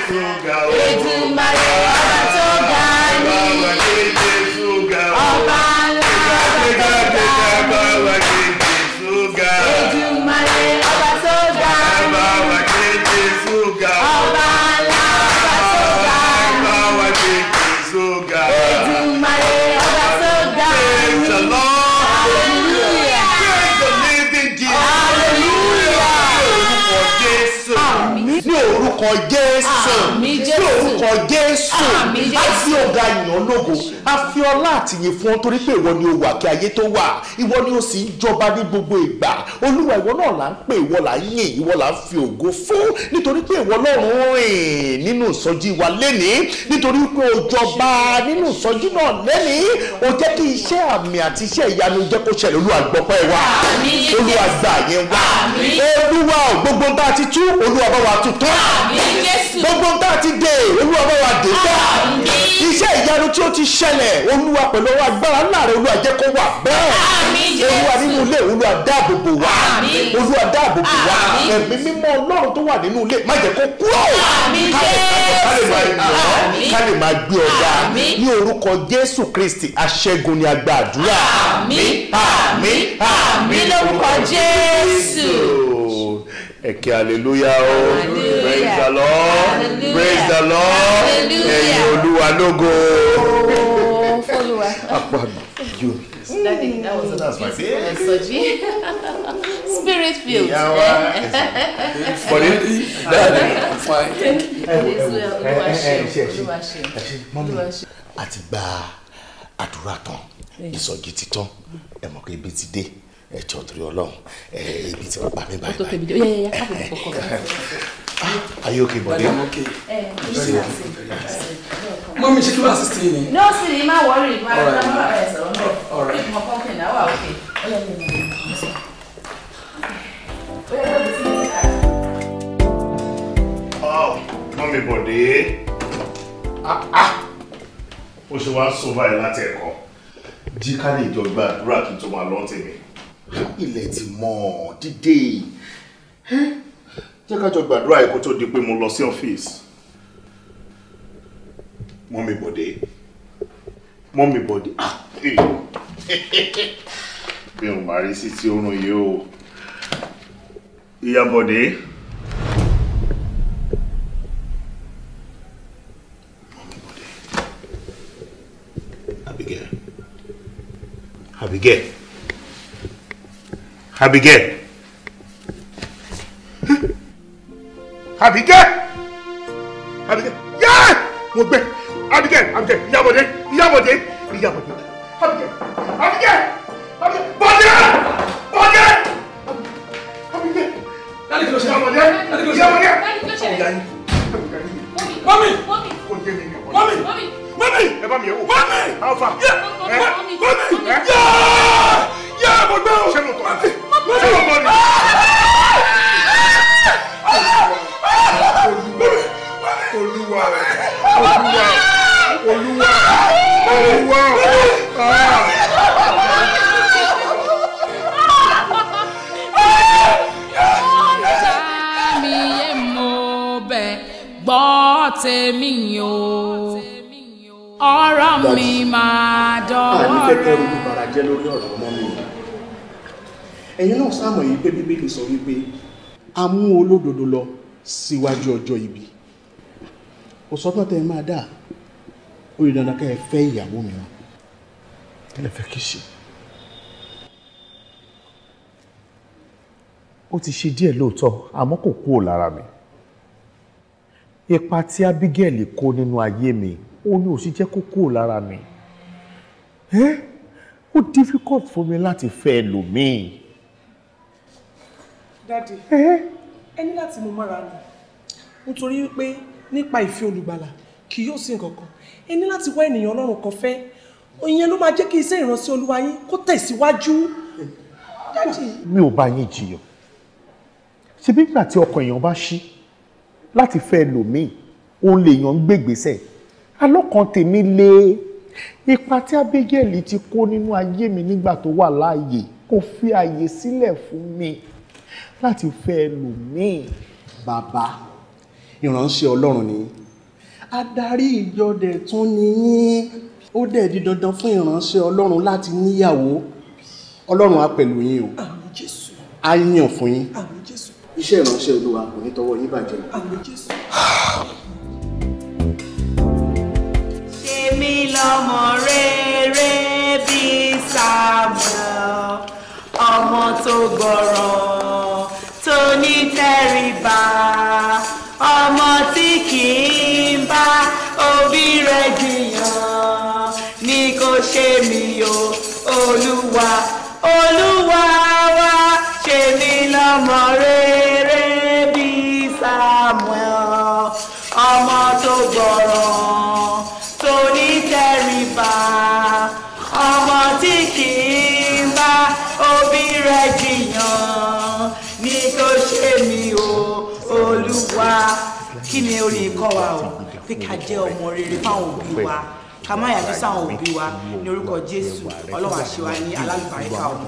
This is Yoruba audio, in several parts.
Èdùmàrè oh. ọba tó ga ni oh. ọba ńlá ọba tó ga. Èdùmàrè ọba tó ga ni ọba ńlá ọba tó ga. Èdùmàrè ọba tó ga ni. Ní orúkọ Jésù. forgave Ah, jésù a fi ọ̀gá ìyàn lógo a fi ọlá àtìyìn fún ọ torí pé ìwọ ni o wà ayé tó wà ìwọ ni o sì ń jọba ní gbogbo ìgbà olúwa ìwọ náà là ń pè ìwọ là ń yìn ìwọ là ń fi ògo fún nítorí pé ìwọ lọ́rùn rìn nínú ìsọjí wa lẹ́nìí nítorí pé o jọba nínú ìsọjí náà lẹ́nìí o jẹ́ kí iṣẹ́ àmì àti iṣẹ́ ìyanu jẹ́ kó ṣẹlẹ̀ olúwa gbọ́pẹ́ wa olúwa gbà yẹn wá olúwa gbogbo ń bá ti tú olúwa bá wa tú tán gbogbo ń bá ti dé olúwa bá wa dé lè dá iṣẹ́ ìyanu tí ó ti ṣẹlẹ̀ olúwa pẹ̀lú ọwọ́ agbára ńlá rẹ̀ olúwa jẹ́ kó wà bẹ́ẹ̀ olúwa nínú ilé olúwa dáàbòbò wá olúwa dáàbòbò wá ẹ̀mí mímọ́ ọlọ́run tó wà nínú ilé má jẹ́ kó kúrò ká lè máa gbé ọ̀gá ní orúkọ jésù kristi aṣẹ́gun ni a gba àdúrà àmín àmín àmín lórúkọ jésù ẹ̀kẹ́ hallelujah o praise the lord praise the lord ẹ̀yin olúwa lógo. Oh, apàdé yóò. Daddy, that was a That's beautiful exogy. Spirit filled. Yeah, well, for it, Daddy, fine. Thank you. Olúwaṣe. Àti gba àdúrà tán, ìsọjí ti tán, ẹ̀mọ̀ pé ebi ti dé ẹ jọ torí Ọlọ́run ẹ ibi tí wọn pa mí báyìí. ọtọ tẹbi yẹ yẹ káàbọ̀ kọkọ. Ah, are you okay bọ̀dé. mọ́mí ṣe kí wọ́n assist yín ni. no siri má wọrí má má má bàa ẹ̀ sọ̀rọ̀ náà bí mo kọ́ kí n náà wà ókè. Oh, mọ́mí bọ̀dé ah, ah. ó ṣe wá sọ báyìí láti ẹ̀kọ́ jí ká lè jọ gbàdúrà kí n tó máa lọ́ọ́ tèmi ilẹ̀ ti mọ̀ dídé jẹ́ ká jọ gbàdúrà ẹ̀ kó tó di pé mo lọ sí ọ́fíìsì mọ́mí bọ̀dé mọ́mí bọ̀dé ah, eh. mi ò má rí sí tí ó yìí o ìyá bọ̀dé. Abigail. Abigail. Abigail. Abigail. Abigail. Yeah. Mo gbé. Abigail. Abigail. Ìyábọ̀dé. Ìyábọ̀dé. Ìyábọ̀dé. sáàmù yìí pé bíbélì sọ wípé a mú olódodo lọ síwájú ọjọ́ ibi kò sọ́tọ̀ tẹ́ ẹ máa dà ó yẹ dandan kẹ́ ẹ fẹ́ ìyàwó mìíràn. kí lè fẹ́ kí ṣe. ó ti ṣe díẹ̀ lóòótọ́ àmọ́ kò kúrò lára mi ipa tí Abigail kó nínú ayé mi ó ní òsì jẹ́ kó kúrò lára mi ó difficult fún mi láti fẹ́ ẹlòmíì dáàdì ẹ ní láti mú mọ́ra ni nítorí wípé nípa ìfẹ́ olùgbàlà kì yóò sí nǹkan kan ẹ ní láti wá ènìyàn ọlọ́run kan fẹ́ ìyẹn ló máa jẹ́ kí iṣẹ́ ìránṣẹ́ olúwa yín kó tẹ̀síwájú dáàdì. mi ò bá yín jiyàn ṣe bí gbà tí ọkàn èèyàn bá ṣí láti fẹ́ ẹlòmíì òun lèèyàn ń gbègbèsẹ̀ alọ́kàn tèmi lé ipa tí Ábígẹ́lì ti kó nínú ayé mi nígbà tó wà láàyè kò fi àyè sílẹ̀ fún mi láti fẹ́ ẹlòmíì. bàbá ìránṣẹ́ ọlọ́run ni adarí ìjọ dẹ̀ tún ni yín ó dẹ̀ di dandan fún ìránṣẹ́ ọlọ́run láti níyàwó ọlọ́run á pẹ̀lú yín o àmín jésù á yàn fún yín àmín jésù iṣẹ́ ìránṣẹ́ olúwa kò ní tọwọ́ yín bàjẹ́ àmín jésù. èmi lọmọ rere bíi Samuel ọmọ tó gbọ́rọ̀ í tẹríba ọmọ tí kì í bá òbí rẹ̀ jiyàn ni kò ṣe mí o olúwa olúwa wa ṣe mí lọ́mọ rẹ̀. ká jẹ́ ọmọ rere fáwọn òbí wa ká má yàtọ̀ sáwọn òbí wa ní orúkọ jésù ọlọ́wà ṣe wa ní alálùbáríkà ọmọ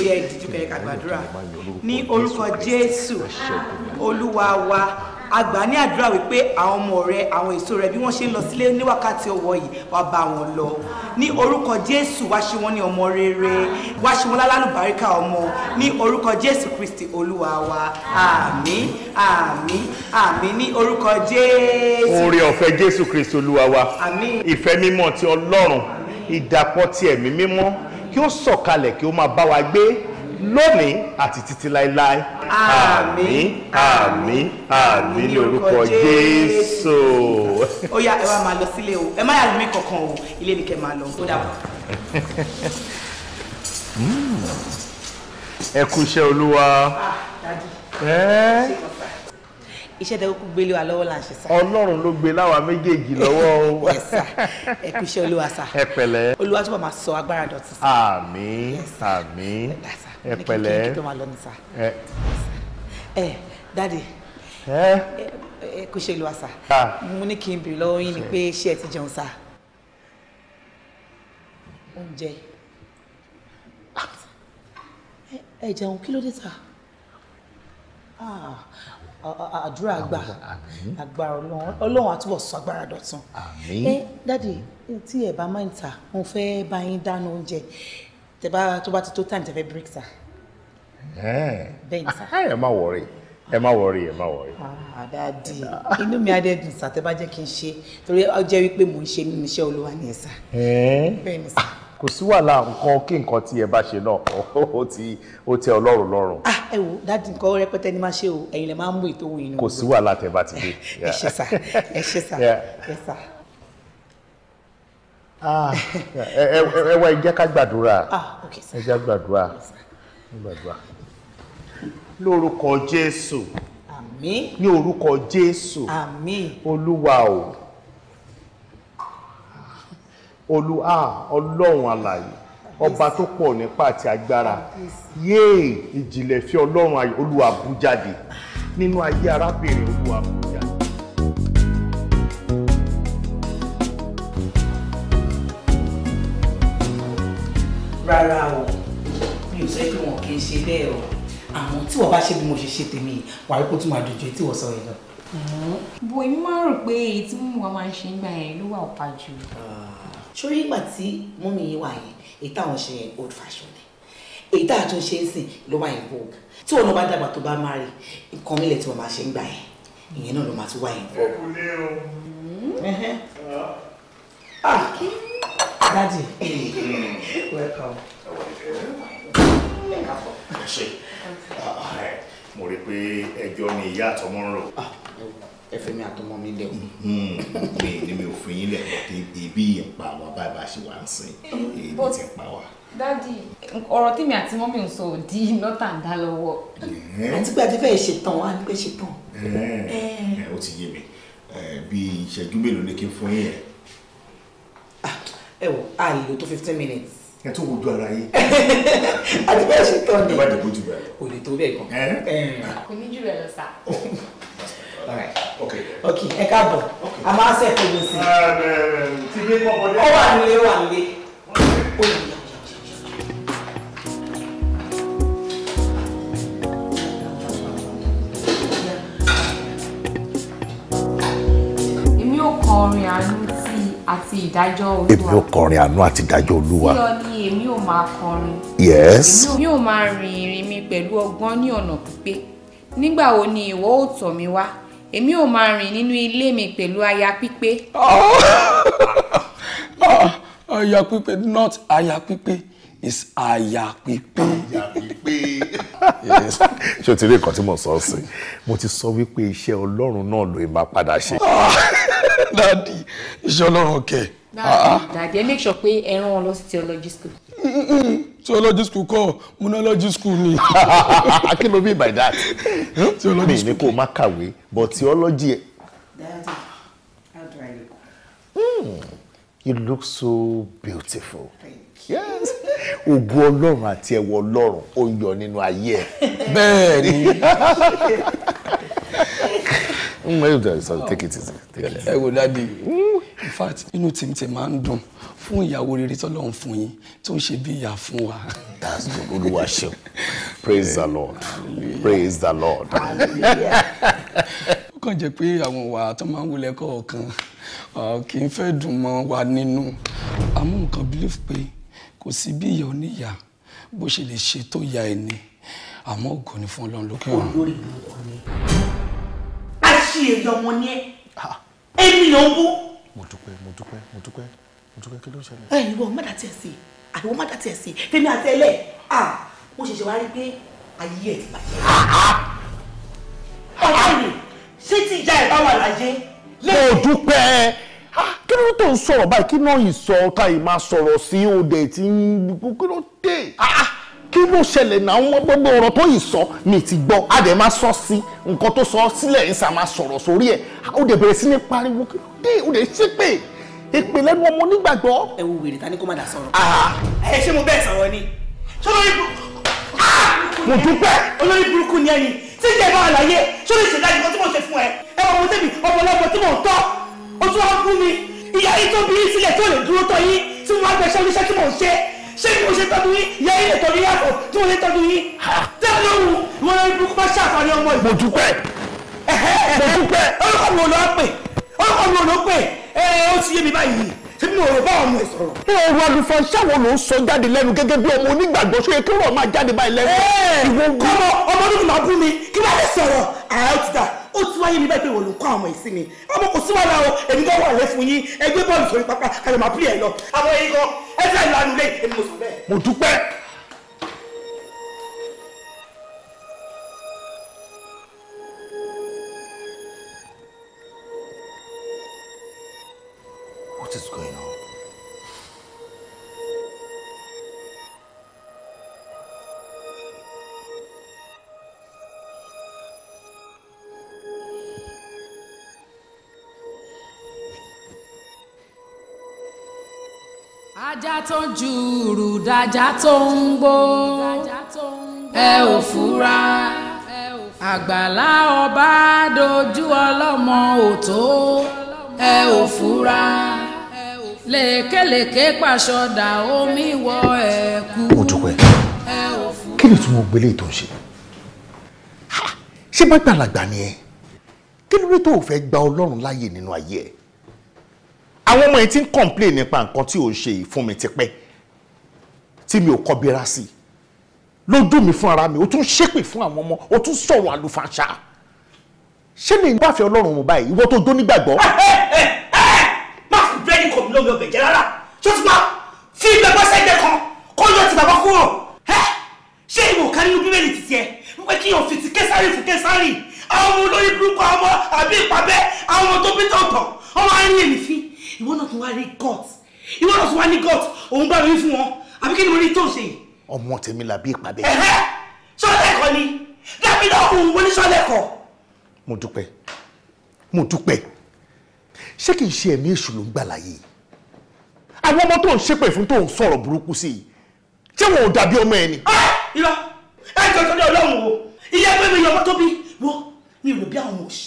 ó yẹ ìdíjú kẹ̀kẹ́ gbàdúrà ní orúkọ jésù olúwa wa a gbà ní àdúrà wípé àwọn ọmọ rẹ àwọn èso rẹ bí wọ́n ṣe ń lọ sílé ní wákàtí ọwọ́ yìí wàá bá wọn lọ ní orúkọ jésù wá ṣe wọn ní ọmọ rere wá ṣe wọn lálùbáríkà ọmọ ní orúkọ jésù kristi olúwa wa àmín àmín àmín ní orúkọ jésù. oore ọ̀fẹ́ jésù kristi olúwa wa ìfẹ́ mímọ́ ti ọlọ́run ìdàpọ̀ ti ẹ̀mí mímọ́ kí ó sọ̀kalẹ̀ kí ó máa bá wa gbé lónìí àti títí láéláé. àmín àmín àmín ní orúkọ jésù. ó yá ẹ wá máa lọ sílé o ẹ má yà lómi kankan o ilé nìkẹ́ máa lọ ó dàbọ̀. Hmm. ẹ kú iṣẹ́ olúwa. Ah, iṣẹ́ tẹ kúkú gbélé wa lọ́wọ́ là ń ṣe sá. ọlọ́run ló gbé láwa méjèèjì lọ́wọ́ o. ẹ kú iṣẹ́ olúwa sá. ẹ pẹ̀lẹ́. olúwa túbọ̀ máa sọ agbára dọ̀tí sá. àmín àmín ẹ pẹ̀lẹ́ ẹ ẹ dáàdi ẹ kò ṣe lu àṣà mo ní kí n bèrè lọ́wọ́ yín ni pé ṣé ẹ ti jẹun sá oúnjẹ ẹ jẹun kí ló dé sá àdúrà àgbà agbára ọlọ́run ọlọ́run àtúbọ̀ sọ agbára dọ̀tun ẹ dáàdi tí ẹ bá máa ń ta mo fẹ́ bá yín dáná oúnjẹ tẹ bá tó bá ti tó time tẹ break sa. bẹ́ẹ̀ ni sa. Ah, ẹ má wọrí ẹ má wọrí ẹ má wọrí. àdáàdì ah, ah, inú mi adẹ́dùn sa tẹ bá jẹ́ kí n ṣe torí ó jẹ́ wípé mò ń ṣe nínú iṣẹ́ olúwa ni ẹ sa. bẹ́ẹ̀ ni sa. kò sí wàhálà nǹkan kí nǹkan tí ẹ bá ṣe náà ó ti ó tẹ́ Ọlọ́run lọ́rùn. ah ẹ wo dáàdì nǹkan rẹpẹtẹ ni máa ṣe o ẹ̀yin lè máa ń mú ètò òyìnbó. kò sí wàhálà tẹ bá ti dé. ẹ ṣe sa ẹ ṣe sa ẹ sa. Ah. ẹ wá ẹ jẹ́ ká gbàdúrà ah, ẹ jẹ́ gbàdúrà gbàdúrà lórúkọ Jésù àmín ní orúkọ Jésù àmín Olúwa o Olúwa Ọlọ́run alààyè ọba tó pọ̀ nípa àti agbára yéè ìjìnlẹ̀ fi Ọlọ́run Olúwa bú jáde ah. nínú ayé arábìnrin Olúwa bú jáde. rárá o mi ò sẹ́ pé wọn kì í ṣe bẹ́ẹ̀ o àmọ́ tí wọ́n bá ṣe bí mo ṣe ṣe tèmi wà á rí kó tún máa dojú tí wọ́n sọ yẹn lọ. Hm. bo èmi máa ń rò pé èyí tí mò ń wá ṣe ń gbà yẹn ló wà ọ̀pá jù. sórí ah. ìgbà tí mọ́mí yín wà yẹn èyí táwọn ṣe yẹn old fashion ni èyí tá a tún ṣe ń sìn ló wà yẹn vogue tí wọn náà bá dàgbà tó bá má rí nǹkan mílẹ̀ tí wọ́n máa ṣe ń gbà yẹn ìyẹn náà ló máa tún wà yẹn vogue. ẹ kò lè o. Hm. Daddy. Welcome. Mo rí pé ẹjọ́ ni ìyá àtọmọ ń rò. Ah, Ẹfẹ̀ mi àtọmọ mi lẹ̀ o. Mm-hmm. Mi ni mi ò fi yín lẹ̀ ibi ìpa wa báyìí bá ṣe wà ń sìn. Èyí ti pa wa. Dádì, ọ̀rọ̀ tèmi àti mọ́mí ń sọ di nọ́tà ń dá lọ́wọ́. Àti pé àti fẹ́ ṣetán wa ni pé ṣetán. Ó ti yé mi. Bí ìṣẹ́jú mélòó ni kí n fún yín yẹn? ẹ wò a lè tó fifteen minutes. ẹ tún wojú ara yín. àti bẹ́ẹ̀ ṣe tán ni. ẹ bá dẹ̀ kojú bẹ́ẹ̀ lọ. kò lè tó bẹ́ẹ̀ gan. kò ní jù bẹ́ẹ̀ lọ sá. ok ẹ káàbọ̀ a máa ṣe ẹ̀kọ́ gbèsè. ó wà nílé ó wà nílé ó yẹ. orin àánú àti ìdájọ́ olúwa. èmi ò kọrin àánú àti ìdájọ́ olúwa. sí ọ ni èmi ò máa kọrin. yes. èmi ò máa rìn ìrìn mi pẹ̀lú ọgbọ́n ní ọ̀nà pípé nígbà wo ni ìwọ ò tọ̀ mí wá èmi ò máa rìn nínú ilé mi pẹ̀lú aya pípé. Ah, aya pípé not aya pípé is aya pípé. ṣé o ti rí nǹkan tí mo sọ sí mo ti sọ wípé iṣẹ́ ọlọ́run náà ló máa padà ṣe. Ah dadi iṣẹ́ ọlọ́run kẹ. Daddy, ah. ẹ make sure pé ẹ rán wọn lọ sí theology school. theology school kọ́ munology school ni. kí ló mean by that. Hmm? theology school mi ni kò má kàwé but theology. dadi how do I look. Hmm, you look so beautiful. Thank you. Yes, ògo ọlọ́run àti ẹ̀wọ̀ ọlọ́run ó ń yọ nínú ayé ẹ̀. bẹ́ẹ̀ ni. ẹ mm, wò dáàdi in fact inú tèmi tèmi máa ń dùn fún ìyàwó rere tọ́lọ́run fún yín tó ń ṣe bí ìyá fún wa. that's good olúwa ṣeun praise the lord praise the lord. ó kàn jẹ́ pé àwọn ìwà tó máa ń wulẹ̀ kọ̀ọ̀kan kì í fẹ́ dùn mọ́ wa nínú àmọ́ nǹkan believe pé kò sí bí ìyá oníyà bó ṣe lè ṣe tó ya ẹni àmọ́ ògo ni fún Ọlọ́run lókè ọ̀run. olórí burúkú ni a ṣe èyí ọmọ ni ẹ ènìyàn bú. mo dúpẹ́ mo dúpẹ́ mo dúpẹ́ mo dúpẹ́ kí ló ń ṣẹlẹ̀. ẹ̀yin wọ má dàtí ẹ sí àìwọ má dàtí ẹ sí tèmi àti ẹlẹ mo ṣẹ̀ṣẹ̀ wá rí pé ayé ẹ ti bàjẹ́. ọ̀gá mi ṣé tí ìjà ẹ̀ bá wà láyé. mo dúpẹ́ ló tó ń sọ̀rọ̀ báyìí kí náà ìsọ ọ̀tá yìí máa sọ̀rọ̀ sí òde tí ń kí ló dé ah, ah, kí ló ṣẹlẹ̀ náà wọ́n gbogbo ọ̀rọ̀ tó yìí sọ mi ti gbọ́ a dẹ̀ máa sọ sí nǹkan tó sọ sílẹ̀ ń sà máa sọ̀rọ̀ sórí ẹ̀ ó dẹ̀ bẹ̀rẹ̀ sí ní pariwo kí ló dé ó dẹ̀ ṣépè èpè lẹ́nu ọmọ onígbàgbọ́. ẹ wo wèrè ta ni kó má dà sọ̀rọ̀. Ah, ẹ ṣé mo bẹ́ẹ̀ sọ̀rọ̀ ni sọlọ́rí mo dúpẹ́. olórí burúkú ni ẹni tí ìjẹ́ bá àlàyé sórí ìṣèdájú kan tí mo ṣe fún ẹ ẹ wọ́n mo débi ọmọ ọlọ́mọ tí mo tọ́ ojú wa kú mi ìyá yìí tó bí yín sílẹ̀ tó lè dúró tọ́ yín tí wọ́n á gbẹ ṣẹ́ oníṣẹ́ tí mò ń ṣe ṣé bí mo ṣe tọ́jú yín ìyá yìí lè tọ́jú yín àpò tí mo ṣe tọ́jú yín. tẹ́lẹ̀ lóhùn mo lọ ibùkún bá ṣàfàní ọmọ ìgbà. mo dúpẹ́ mo dúpẹ́. orúkọ mi ò lọ pè orúkọ mi ò lọ pè ẹ ó ti yé mi báyìí ṣé mi ò rò bá ọmọ ẹ sọ̀rọ̀. ọ̀rọ̀ àlùfáà ṣáwọn ló ń sọ jáde lẹ́nu gẹ́gẹ́ bí ọmọ onígbàgbọ́ ṣó yẹ kí ọ̀rọ̀ máa ó ti wáyé mi bẹ́ẹ̀ pé wọ́n kọ́ àwọn ìsìn mi ọmọ kò sí wàhálà o èmi kan wà lẹ́ fún yín ẹgbẹ́ bọ́ọ̀lù sórí pápá kàlẹ́ máa pílẹ̀ lọ àwọn ẹ̀yin kan ẹ fẹ́ lanu lé èmi mo sọ bẹ́ẹ̀. mo dúpẹ́ ajá tó ń jùrù dájá tó ń gbó ẹ ò fura àgbàlá ọba dojú ọlọ́mọ òtó ẹ ò fura lèkèlèkè pàṣọdà omi wọ ẹ̀kú. mo dúpẹ́ kí ni tí mo gbélé tó ń ṣe ṣé bá gbàlagbà ni ẹ kí ló dé tó fẹ́ gba ọlọ́run láàyè nínú ayé ẹ àwọn ọmọ yìí ti ń complain nípa nǹkan tí ò ń ṣe fún mi tipẹ́ tí mi ò kọbíra sí lójú mi fún ara mi ó tún ṣépè fún àwọn ọmọ ó tún sọ̀rọ̀ àlùfàṣà ṣé mi bá fẹ́ ọlọ́run mo báyìí ìwọ tó dó nígbàgbọ́. Eh, eh, eh, má fi bẹ́ẹ̀ni kò mí lómi ọbẹ̀ jẹ́ rárá tó ti pa fi ibẹ̀ bọ́ sẹ́gbẹ̀ kan kó yọ ti bàbá kúrò ṣé ìwọ ká nínú bíbélì ti tiẹ̀ ń pẹ́ kí yàn fi ti késàrì fún késàrì àwọn ọmọ olórí burúkú àwọn ọmọ àbí ìpàbẹ́ àwọn ọmọ tó bí tọ̀tọ̀ ọmọ àárín èmi fi ìwọ náà tún wá rí court ìwọ náà tún wá ní court òun bá mi fún wọn àbí kí ni mo rí tó ṣe. ọmọ tèmi làbí ìpàdé. ẹhẹ sọlẹkọ ni dábì náà òun mo ní sọlẹkọ. mo dúpẹ́ mo dúpẹ́ ṣé kìí ṣe ẹ̀mí èṣù ló ń gbà láàyè àwọn ọmọ tó ń ṣépè fún tó ń sọ̀rọ̀ burúkú sí i ṣé wọn ò dàbí ọmọ ẹ ni. irọ́ ẹ jọ jọ ní ọlọ́run o iye pé mi yọ ọmọ tó bí wọ́n mi ò lò bí àwọn ọmọ òṣì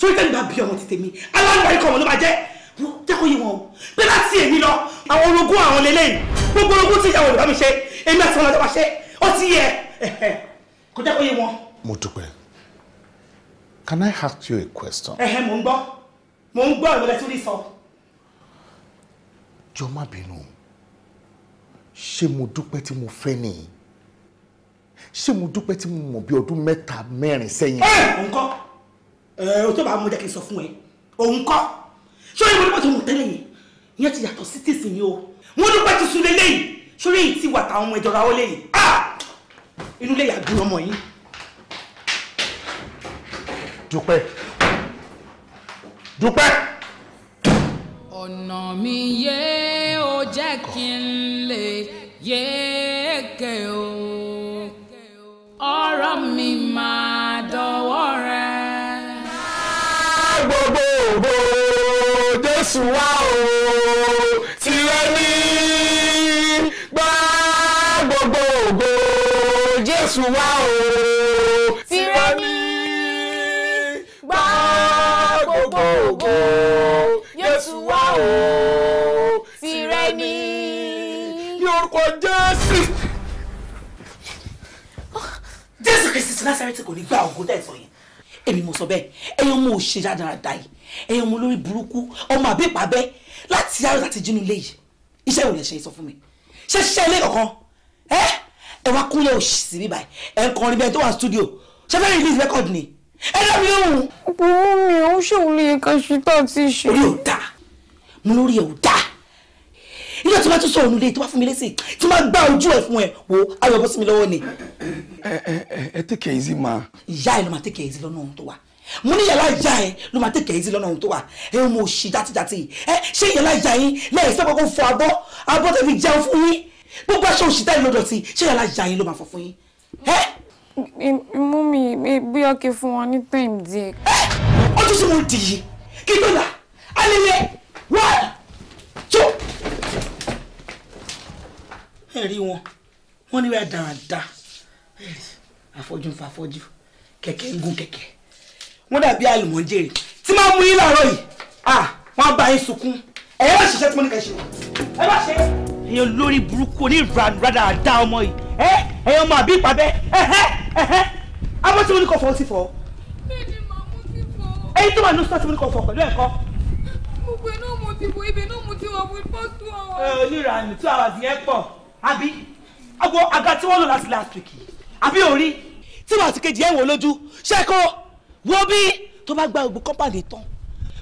sórí tẹ́lifà bí ọmọ ti tèmi aláǹgbá jẹ́kọ̀ọ́ yìí wọn o pé láti èmi lọ àwọn orogún àwọn lélẹ́yìn gbogbo orogún tí ìyàwó ìbámi ṣe èmi àti wọn àjọpàṣẹ ó ti yẹ kò jẹ́kọ̀ọ́ wọn. mo dúpẹ́ Can I ask you a question? ẹ̀hẹ̀ mò ń gbọ́ mò ń gbọ́ ìwọlẹ̀ tó sọ. jọ má bínú ṣé mo dúpẹ́ tí mo fẹ́ nìyí ṣé mo dúpẹ́ tí mo mọ̀ bí ọdún mẹ́ta mẹ́rin sẹ́yìn. ẹ òun kọ́ ẹ o tó bá mú jẹ́ kí n sọ fún ẹ òun kọ́ ṣọ́rí mo dúpẹ́ tó mọ̀ tẹ́lẹ̀ yìí ìyẹn ti yàtọ̀ sí tèsì yìí o mo dúpẹ́ ti sun lélẹ́yìí ṣọ́rí èyí ti wà ọmọ ìjọra ó léyìí ah! inú lè yàgbé ọmọ yìí. dúpẹ́ dúpẹ́. ọ̀nà mi yé o jẹ́ kí n lè yé èké o ọ̀rọ̀ mi máa dọ̀wọ́ rẹ. gbogbo ògbó jésù wá o tìrẹ ní gbà gbogbo ògo jésù wá o tìrẹ ní gbà gbogbo ògo jésù wá o tìrẹ ní. yorùkọ jésù. jésù kìí sísun lásán tí kò ní gbà ògo tẹ̀sán yẹn èmi mo sọ bẹ́ẹ̀ ẹ̀yin mo ò ṣe dáadáa yìí ẹ̀yin mo lórí burúkú ọmọ àbí ìpàbẹ́ láti yàrá láti jínú ilé yìí iṣẹ́ ìwòlẹ̀ ṣe sọ fún mi ṣe ṣiṣẹ́ ilé kankan ẹ ẹ wá kúnlẹ̀ òṣì sí bíbá ẹ ń kọrin bẹ́ẹ̀ tó wà studio ṣe fẹ́ release record ni ẹ dá mi lóhùn. bùnú mi ò ń ṣòwò lè kàn ṣe tó àti ṣe. orí ò dáa ilé tí wọ́n tún sọ̀rọ̀ nílé tí wọ́n fún mi lẹ́sìn tí wọ́n gbá ojú ẹ̀ fún ẹ wo ayọ̀ bọ́ sí mi lọ́wọ́ ni. ẹ ẹ ẹ tẹkẹ ẹ zi ma. ìyá ẹ ló máa tẹkẹ ẹ zi lọ́nà ohun tó wà mo ní yàrá ìyá ẹ ló máa tẹkẹ ẹ zi lọ́nà ohun tó wà ẹ mo ṣì játijàti ẹ ṣé yàrá ìyá yín lẹ́yìn sẹ́kọ̀ọ́ kó fọ abọ́ abọ́ tẹ̀ fi jẹun fún yín gbogbo aṣọ òṣìṣẹ́ ìlú ọ̀dọ̀tì ṣé yàrá ìyá yín ló máa fọ fún yín. mú mi bóyá kí fún wọn ní time díẹ̀. ó tún sí mo dì yìí kí ló là á yẹ wọ́n. ẹ rí wọn wọn níbẹ̀ dáadáa àfọ́jú ń fa àfọ́jú kẹ̀kẹ́ ń gun kẹ̀kẹ́ wọ́n dàbí àlùmọ́jèrè tí máa mú yín láàárọ̀ yìí wọ́n bá yín sunkún ẹ̀ yóò ṣiṣẹ́ tí mo ní kẹ́ ṣe ẹ bá ṣe. ẹ̀yin olórí burúkú onírànradà àdá ọmọ yìí ẹ ẹ̀yin ọmọ àbí ìpàbẹ́ ẹ̀hẹ́ ẹ̀hẹ́ abọ́ tí mo ní kọ́ fọ́ sí fọ́. bẹ́ẹ̀ni màá mú sí fọ́. ẹ̀yin tó wà ní sọ́ọ̀tì mo ní kọ́ fọ́ pẹ̀lú ẹ̀kọ́. gbogbo iná mo ti wo ibẹ̀ náà mo ti wà wí àbí àgbo àga tí wọ́n lò láti last week yìí àbí orí. tí wàá ti kejì ẹ̀ wò lójú ṣẹ́kọ̀ wo bí tó bá gba ògbó kọ́pàdé tán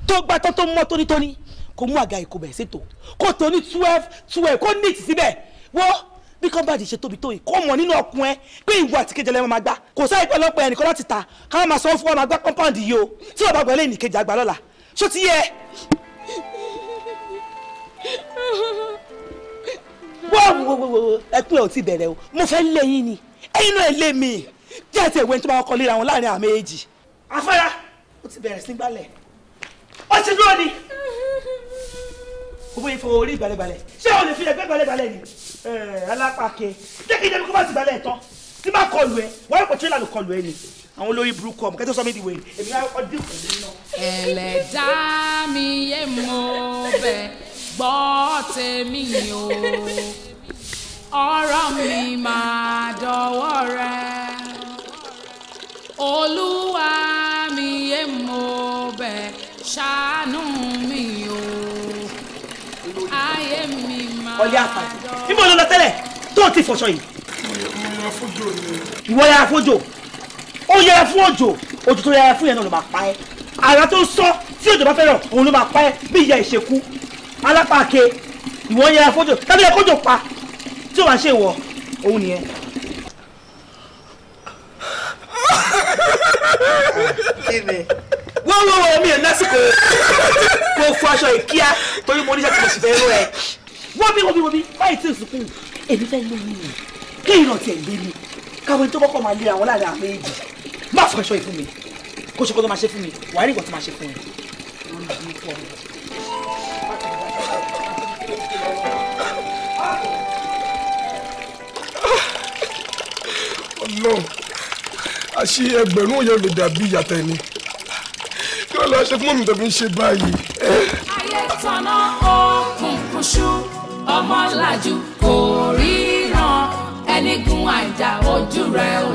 tó gba tán tó mọ́ tónítóní kó mú àga ìkóbẹ̀ ṣètò kó tó ní twelve twelve kó ní ìtìsíbẹ̀ wọ́n bí kọ́ńbàdì ṣe tóbi tó yìí kó mọ̀ nínú ọkùn ẹ pé ìwọ àti kejì ẹlẹ́wọ̀n máa gbá kò sáà ìpẹ́ lọ́pọ̀ ẹnìkan láti ta ká máa sọ fún ọ máa gbá kọ́ńpáǹdì yìí o tí ọba gbọ́ lẹ́yìn àgbà lọ́la ṣó ti yẹ. wọ́ọ̀wọ́wọ́wọ́ ẹkún ẹ̀ ò ti bẹ̀rẹ̀ o mo fẹ́ lé yín ni ẹ̀yin náà lé mi kí ẹ̀ tí ìwé tó bá kọ́ léra wọn láàrin àmì èjì. afárá ó ti bẹ̀rẹ̀ sí gbálẹ̀ ó ti dúró ni owó ìfowó orí balẹ̀balẹ̀ ṣé o lè fi ẹgbẹ́ balẹ̀balẹ̀ ni alápàkẹ́ jẹ́ kí ìjẹ́bi kó bá ti balẹ̀ tán tí bá kọlu ẹ wọ́n yóò pọ̀ tí ìlànà kọlu ẹ ni àwọn olórí burúkú ọmọ kẹ́tọ́ sọ́mi ìdìwé èmi náà ọdún kò ní ná. ẹlẹ́dàá mi yé mo bẹ́ẹ̀ gbọ́ tèmi o ọ̀rọ̀ mi máa dọ̀wọ́ rẹ olúwa mi yé mo bẹ̀ ṣàánú mi o ayé mi máa dọ̀wọ́ rẹ. ọ̀lẹ́ àpàdé níbo ló lọ tẹ́lẹ̀ tó o ti fọṣọ yìí. ìwọ yára fójò ó yára fún òjò òjò tó yára fún yẹn náà ló máa pa ẹ́ àrà tó sọ tí òjò bá fẹ́ràn òun ló máa pa ẹ́ bí ìyá ìṣekú alápàáké ìwọ yẹra fójò tàbí ẹ kójò pa tí ò bá ṣe wọ òun nìyẹn. wọ́n wọ́n wọ́n mi ò lásìkò kó fún aṣọ ìkíá torí mo níṣẹ́ tí mo sì fẹ́ rú ẹ. wọ́n bí wọ́n bí wọ́n bí báyìí tí ò sùkúrù èmi fẹ́ lóyún mi kí ìrọ̀ tiẹ̀ gbé mi káwọn tó kọ́kọ́ máa lé àwọn láàrin àwọn méjì má fọ aṣọ ìfún mi kó ṣe kó tó máa ṣe fún mi wàá rí nǹkan tó máa ṣe fún mi. ọlọ́run àṣì ẹgbẹ̀rún òye lè dàbí ìyàtọ̀ ẹni kí wọ́n lọ ṣe fún mi tẹ̀mí ṣe báyìí. ayé tanná òkùnkùn ṣú ọmọlàjú kò ríran ẹni gun àjà ojú rẹ ò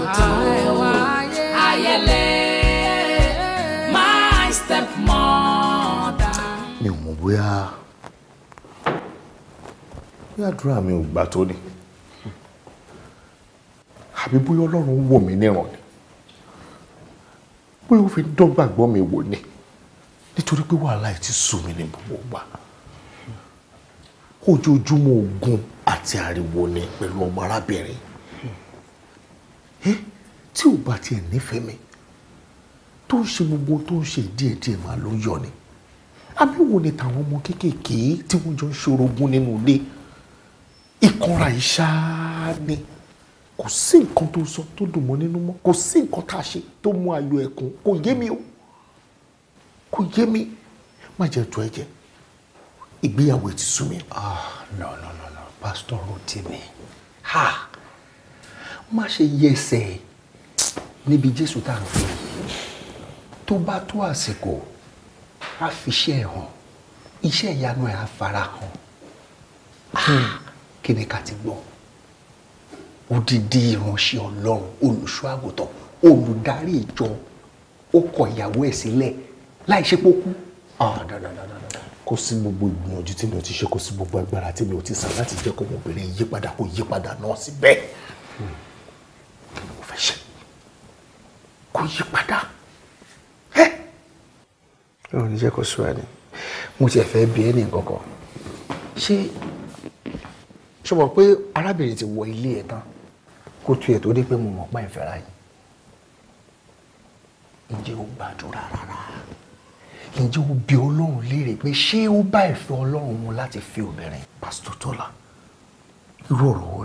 ayẹlẹ my step mother. mi ò mọ̀ bóyá bóyá àdúrà mi ò gbà tó ni àbí bóyá ọlọ́run wò mí níran ni bóyá ó fi dọ́gbàgbọ́ mi wò ni nítorí pé wàhálà yìí ti sùn mí ní gbogbo gbà ojoojúmọ́ ogun àti ariwo ni pẹ̀lú ọmọ arábìnrin ẹ tí ò bá tiẹ̀ nífẹ̀ẹ́ mi tó ń ṣe gbogbo tó ń ṣe díẹ̀díẹ̀ máa ló yọ ni àbí wo ni tàwọn ọmọ kéékèèké tí wọ́n jọ ń ṣorogún nínú ilé ìkanra yìí ni kò sí nǹkan tó sọ tó dùn mọ́ nínú mọ́ kò sí nǹkan tá a ṣe tó mú ayọ̀ ẹ̀kún kò yé mi o kò yé mi má jẹ́ jọ ẹ jẹ́ ìgbéyàwó ti sú mi. Ah, no no no no pastor Rotimi ha má ṣe yẹsẹ̀ níbi Jésù tá à ń fi tó bá tó àsìkò á fi hàn iṣẹ́ ìyanu ẹ̀ á fara hàn. Hmm kí ni ká ti gbọ́ odidi ìránṣẹ́ ọlọ́run olùṣọ́ àgùntàn olùdarí ìjọ ó kọ ìyàwó ẹ̀ sílẹ̀ láì ṣe pé ó kú. Ah, kò sí gbogbo ìgbìyànjú tí mi ò ti ṣe kò sí gbogbo agbára tí mi ò ti sàn láti jẹ́ kó ọmọbìnrin yípadà kó yípadà náà síbẹ̀ kí ni mo fẹ́ ṣe kó yípadà. ọ̀run jẹ́ kó sùn wá ni mo ti fẹ́ bí ẹnì kankan ṣé ṣe mọ̀ pé arábìnrin ti wọ ilé ẹ̀ tán kó tiẹ̀ tó dé pé mo mọ̀ pé ìfẹ́ ra yìí ǹjẹ́ ó gbàdúrà rárá ǹjẹ́ ó bi ọlọ́run léèrè pé ṣé ó bá ìfẹ́ ọlọ́run mu láti fi obìnrin pásítọ̀ tọ́lá irú ọ̀rọ̀ wo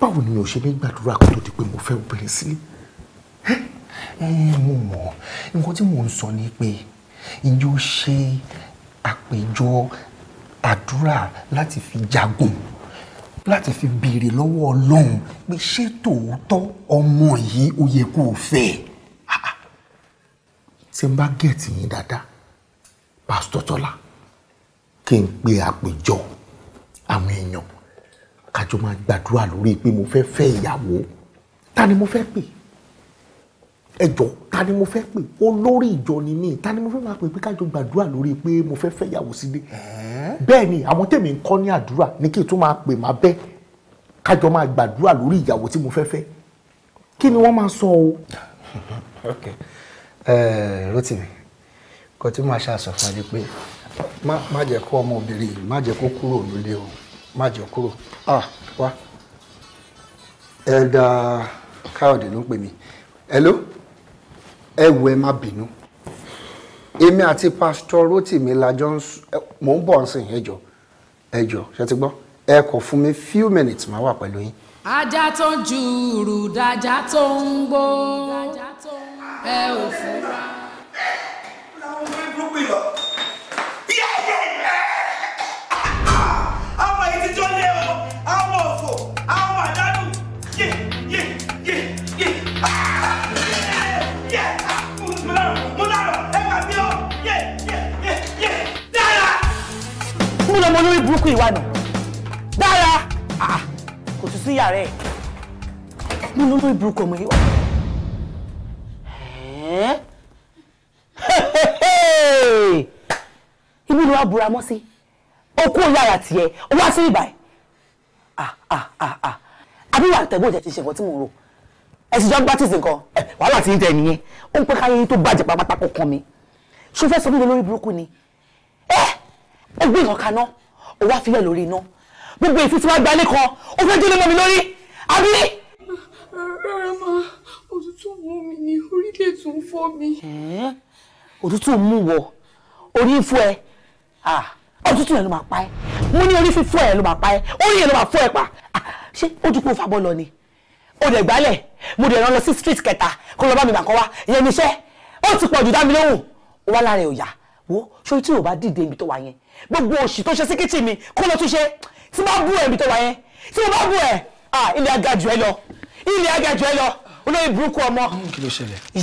báwo ni mi ṣe ní gbàdúrà kó tó di pé mo fẹ́ obìnrin sílé mo mọ̀ nǹkan tí mò ń sọ ni pé ǹjẹ́ ó ṣe àpèjọ àdúrà láti fi jagun láti fi béèrè lọ́wọ́ ọlọ́run pé ṣé tòótọ́ ọmọ yìí ó yẹ kó o fẹ́ ẹ̀ ah, ṣé n bá gẹ̀ẹ́tì yín dáadáa pásítọ̀ tọ́lá kí n pe àpèjọ àwọn èèyàn kájọ máa gbàdúrà lórí pé mo fẹ́ fẹ́ ìyàwó ta ni mo fẹ́ pè é ẹjọ ta ni mo fẹ́ pè olórí ìjọ ni mí ta ni mo fẹ́ máa pè pé kájọ gbàdúrà lórí pé mo fẹ́ fẹ́ yàwó sílé bẹ́ẹ̀ ni àwọn tèmi ń kọ́ ní àdúrà ní kí n tún máa pè má bẹ́ kájọ máa gbàdúrà lórí ìyàwó tí mo fẹ́ fẹ́ kí ni wọ́n máa sọ o. ok Rotimi kò tí máa ṣàṣọ fún ẹni pé má jẹ́ kó ọmọbìnrin yìí má jẹ́ kó kúrò nílé o má jẹ́ kúrò ah wá ẹ̀dà káyọ̀dé ló ń pè mí hello ẹ wò ẹ má bínú èmi àti pásítọ̀ Rótìmí lajọ mò ń bọ̀ nsìn ẹjọ ẹjọ ṣe ti gbọ́ ẹ kọ fún mi few minutes máa wà pẹ̀lú yín. ajá tó ń ju rù dájá tó ń gbó ẹ ò fura. burúkú ìwà nù dára ah, kò tún sí yàrá ẹ̀ nínú lórí burúkú ọmọ yìí wà. ibi ni wàá bura mọ́ sí okú yàrá tiẹ̀ ó wá sí ìbàyẹ̀ ah, ah, àbí wà tẹ̀gbọ́n jẹ́ ti ṣe nǹkan tí mo rò ẹ sì jọ gbátìsì nǹkan wàhálà ti ń tẹ nìyẹn ó ń pẹ́ káyé tó bàjẹ́ pátápátá kọ̀ọ̀kan mi ṣó fẹ́ sọ mí lórí burúkú ni ẹ ẹ gbé nǹkan kaná O wá filẹ̀ lórí iná gbogbo èsì tí wọ́n gba ilé kan ó fẹ́ jóná mọ́ mi lórí àbí. rárá ma òtútù mú mi ní orílẹ̀ tó ń fọ́ mi. òtútù mú wọ orí ń fọ́ ẹ òtútù yẹn ló máa pa ẹ mo ní orí fífọ́ ẹ ló máa pa ẹ orí yẹn ló máa fọ́ ẹ pa ṣé ó dúpọ̀ fàbọ̀ lọ ni o dẹ̀ gbálẹ̀ mo dẹ̀ rán lọ sí street kẹta kó lọ bá mi bà kọ́ wá ìyẹn níṣẹ́ ó ti pọ̀ jù dá mi lóhùn ó wá lára ẹ̀ ò yá wo ṣé tí o bá dìde ibi tó wà yẹn gbogbo òṣì tó ṣe sí kíchìn mi kó lọ tún ṣe tí bá bú ẹ ibi tó wà yẹn tí mo bá bú ẹ ilé agajù ẹ lọ ilé agajù ẹ lọ olóyè burúkú ọmọ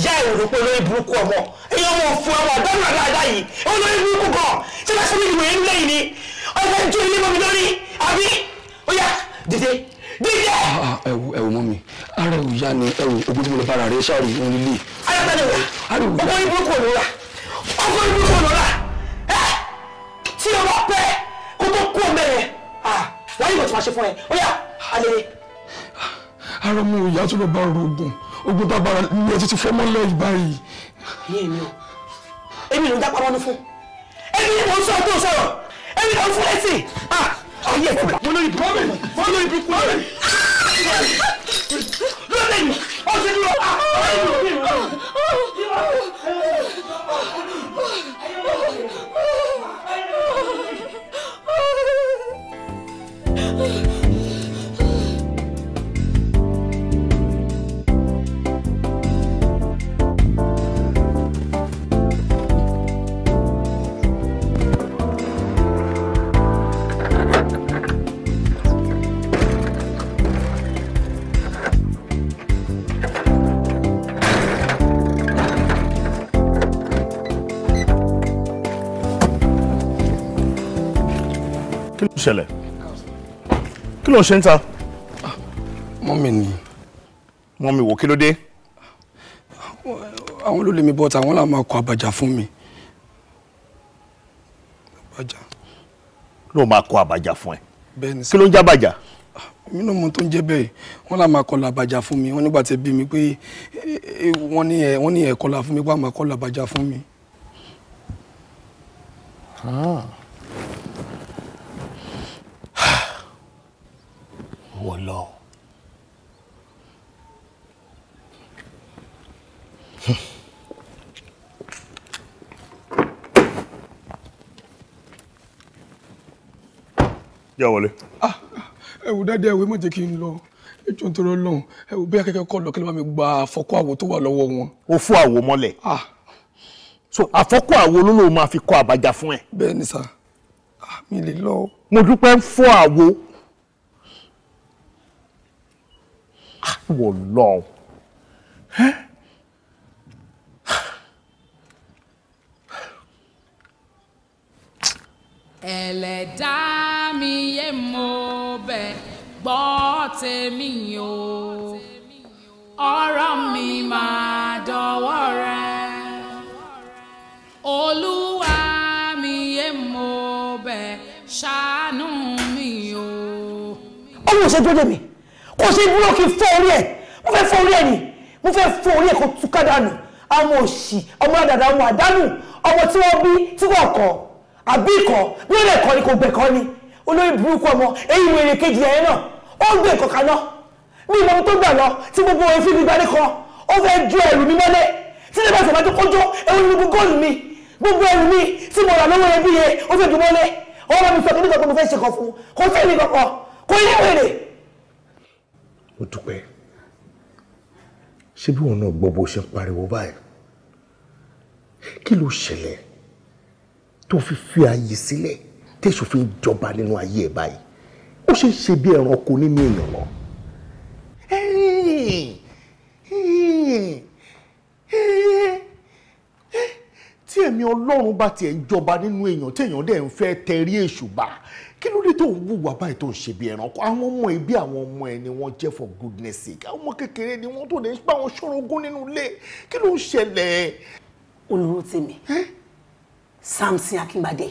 ìyá ìròyìn pé olóyè burúkú ọmọ èyí ọmọ òfu ọmọ àdánù àdáadá yìí olóyè burúkú gan ṣé bá ṣe mí ìwé ń lẹ́yìn ni ọjọ́ ìjọ ilé mọ́mi lórí àbí ó yá dìde dìde. Ah, ah, ah, ẹwù ẹwù mọ mi ara ẹwù yá ni ẹwù ogun tí mo lè bára rẹ ṣáà rí òun nílé. ayọ̀tẹ̀lẹ̀ wà ogun yín burúkú òun wà ọkọ ìlú kò lọ́la ẹ tí o bá pẹ́ kó tó kú ọmọ rẹ wọ́n yìí kò tí ma ṣe fún ẹ ó yà alẹ́. ara mi ò yá tó lọ bá rògùn ogun tá a bára ní ẹ títí fọmọ lẹ́yìn báyìí. ìyẹn mi o èmi ló ń dápá wọnú fún èmi ni mò ń sọ tó sọ̀rọ̀ èmi ló ń fún ẹsìn ayé ẹ mo lórí bọ́ọ̀lù mo lórí bí kúrò lórí mi ó ti dúró. ṣẹlẹ̀ kí ló ń ṣe ń ta. mọ́mì ni. mọ́mì wò kí ló dé. àwọn olólè mi bọ́ta àwọn làwọn máa kọ àbàjá fún mi. àbàjá. ló máa kọ àbàjá fún ẹ. bẹ́ẹ̀ ni sẹ́ kí ló ń jẹ́ àbàjá mi náà mọ tó ń jẹ bẹ́ẹ̀ wọn là máa kọlà àbàjá fún mi wọn nígbà tí bí mi pé wọn ní ẹ wọn ní ẹ kọlà fún mi pé wọn máa kọlà àbàjá fún mi. Ah. wọ̀ lọ. yà wọlé. Ah, ẹ wò dáadé ẹ wò má jẹ́ kí n lọ ètò ìtòrò Ọlọ́run ẹ wò bí akẹ́kọ̀ọ́ kọ lọ kí ló máa mi gba àfọkọ àwo tó wà lọ́wọ́ wọn. o fún àwo mọ́lẹ̀. Ah. so àfọkọ àwo ló lóun máa fi kọ àbájá fún ẹ. bẹ́ẹ̀ ni sà ah, mi lè lọ. mo dúpẹ́ ń fọ́ àwo wọ lọ ẹlẹ́dàá mi yé mo bẹ̀ gbọ́ tèmi o ọ̀rọ̀ mi máa dọ̀wọ́ rẹ olúwa mi yé mo bẹ̀ ṣàánú mi o. ọmọ ìṣẹ́jú ọdẹ mi kò ṣe dúró kí n fọ́ orí ẹ̀ mo fẹ́ fọ́ orí ẹ̀ ni mo fẹ́ fọ́ orí ẹ̀ kó túká dànù àwọn òṣì ọmọ àdàdà ọmọ àdánù ọmọ tí wọ́n bí tí wọ́n kọ́ àbí kọ́ bí ó lè kọ́ ni kò gbẹ̀ kọ́ ni olórí burúkú ọmọ èyí wèrè kejì ẹ̀ náà ó ń gbé nǹkan kan náà ní ìmọ̀ tó gbà lọ tí gbogbo ẹ̀ fi gbígbá ní ó fẹ́ ju ẹ̀rù mi mọ́lẹ̀ tí lè bá ṣe máa ẹ̀rù mi gbogbo ẹ̀rù mi tí mo rà lọ́wọ́ ẹbí yẹn ó fẹ́ ju mọ́lẹ̀ ọmọ mi sọ kí nígbà tó mo fẹ́ ṣe kan fún kò sí ìrìn ó dúpẹ́ ṣé bí òun náà gbọ́ bó ṣe ń pariwo báyìí kí ló ṣẹlẹ̀ tó fi fi ààyè sílẹ̀ tẹ̀sùn fi jọba nínú ayé ẹ̀ báyìí ó ṣe ń ṣe bí ẹranko nínú èèyàn lọ. tí ẹ̀mí ọlọ́run bá tiẹ̀ ń jọba nínú èèyàn tí èèyàn dẹ̀ ń fẹ́ tẹrí èṣù bá kí ló dé tó ń wùwà báyìí tó ń ṣe bí ẹranko àwọn ọmọ ẹ àwọn ọmọ ẹ ni wọ́n jẹ́ for goodness sake àwọn ọmọ kékeré ni wọ́n tó lè bá wọn ṣorogún nínú ilé kí ló ń ṣẹlẹ̀. olùrò tí mi Samson Akínbádé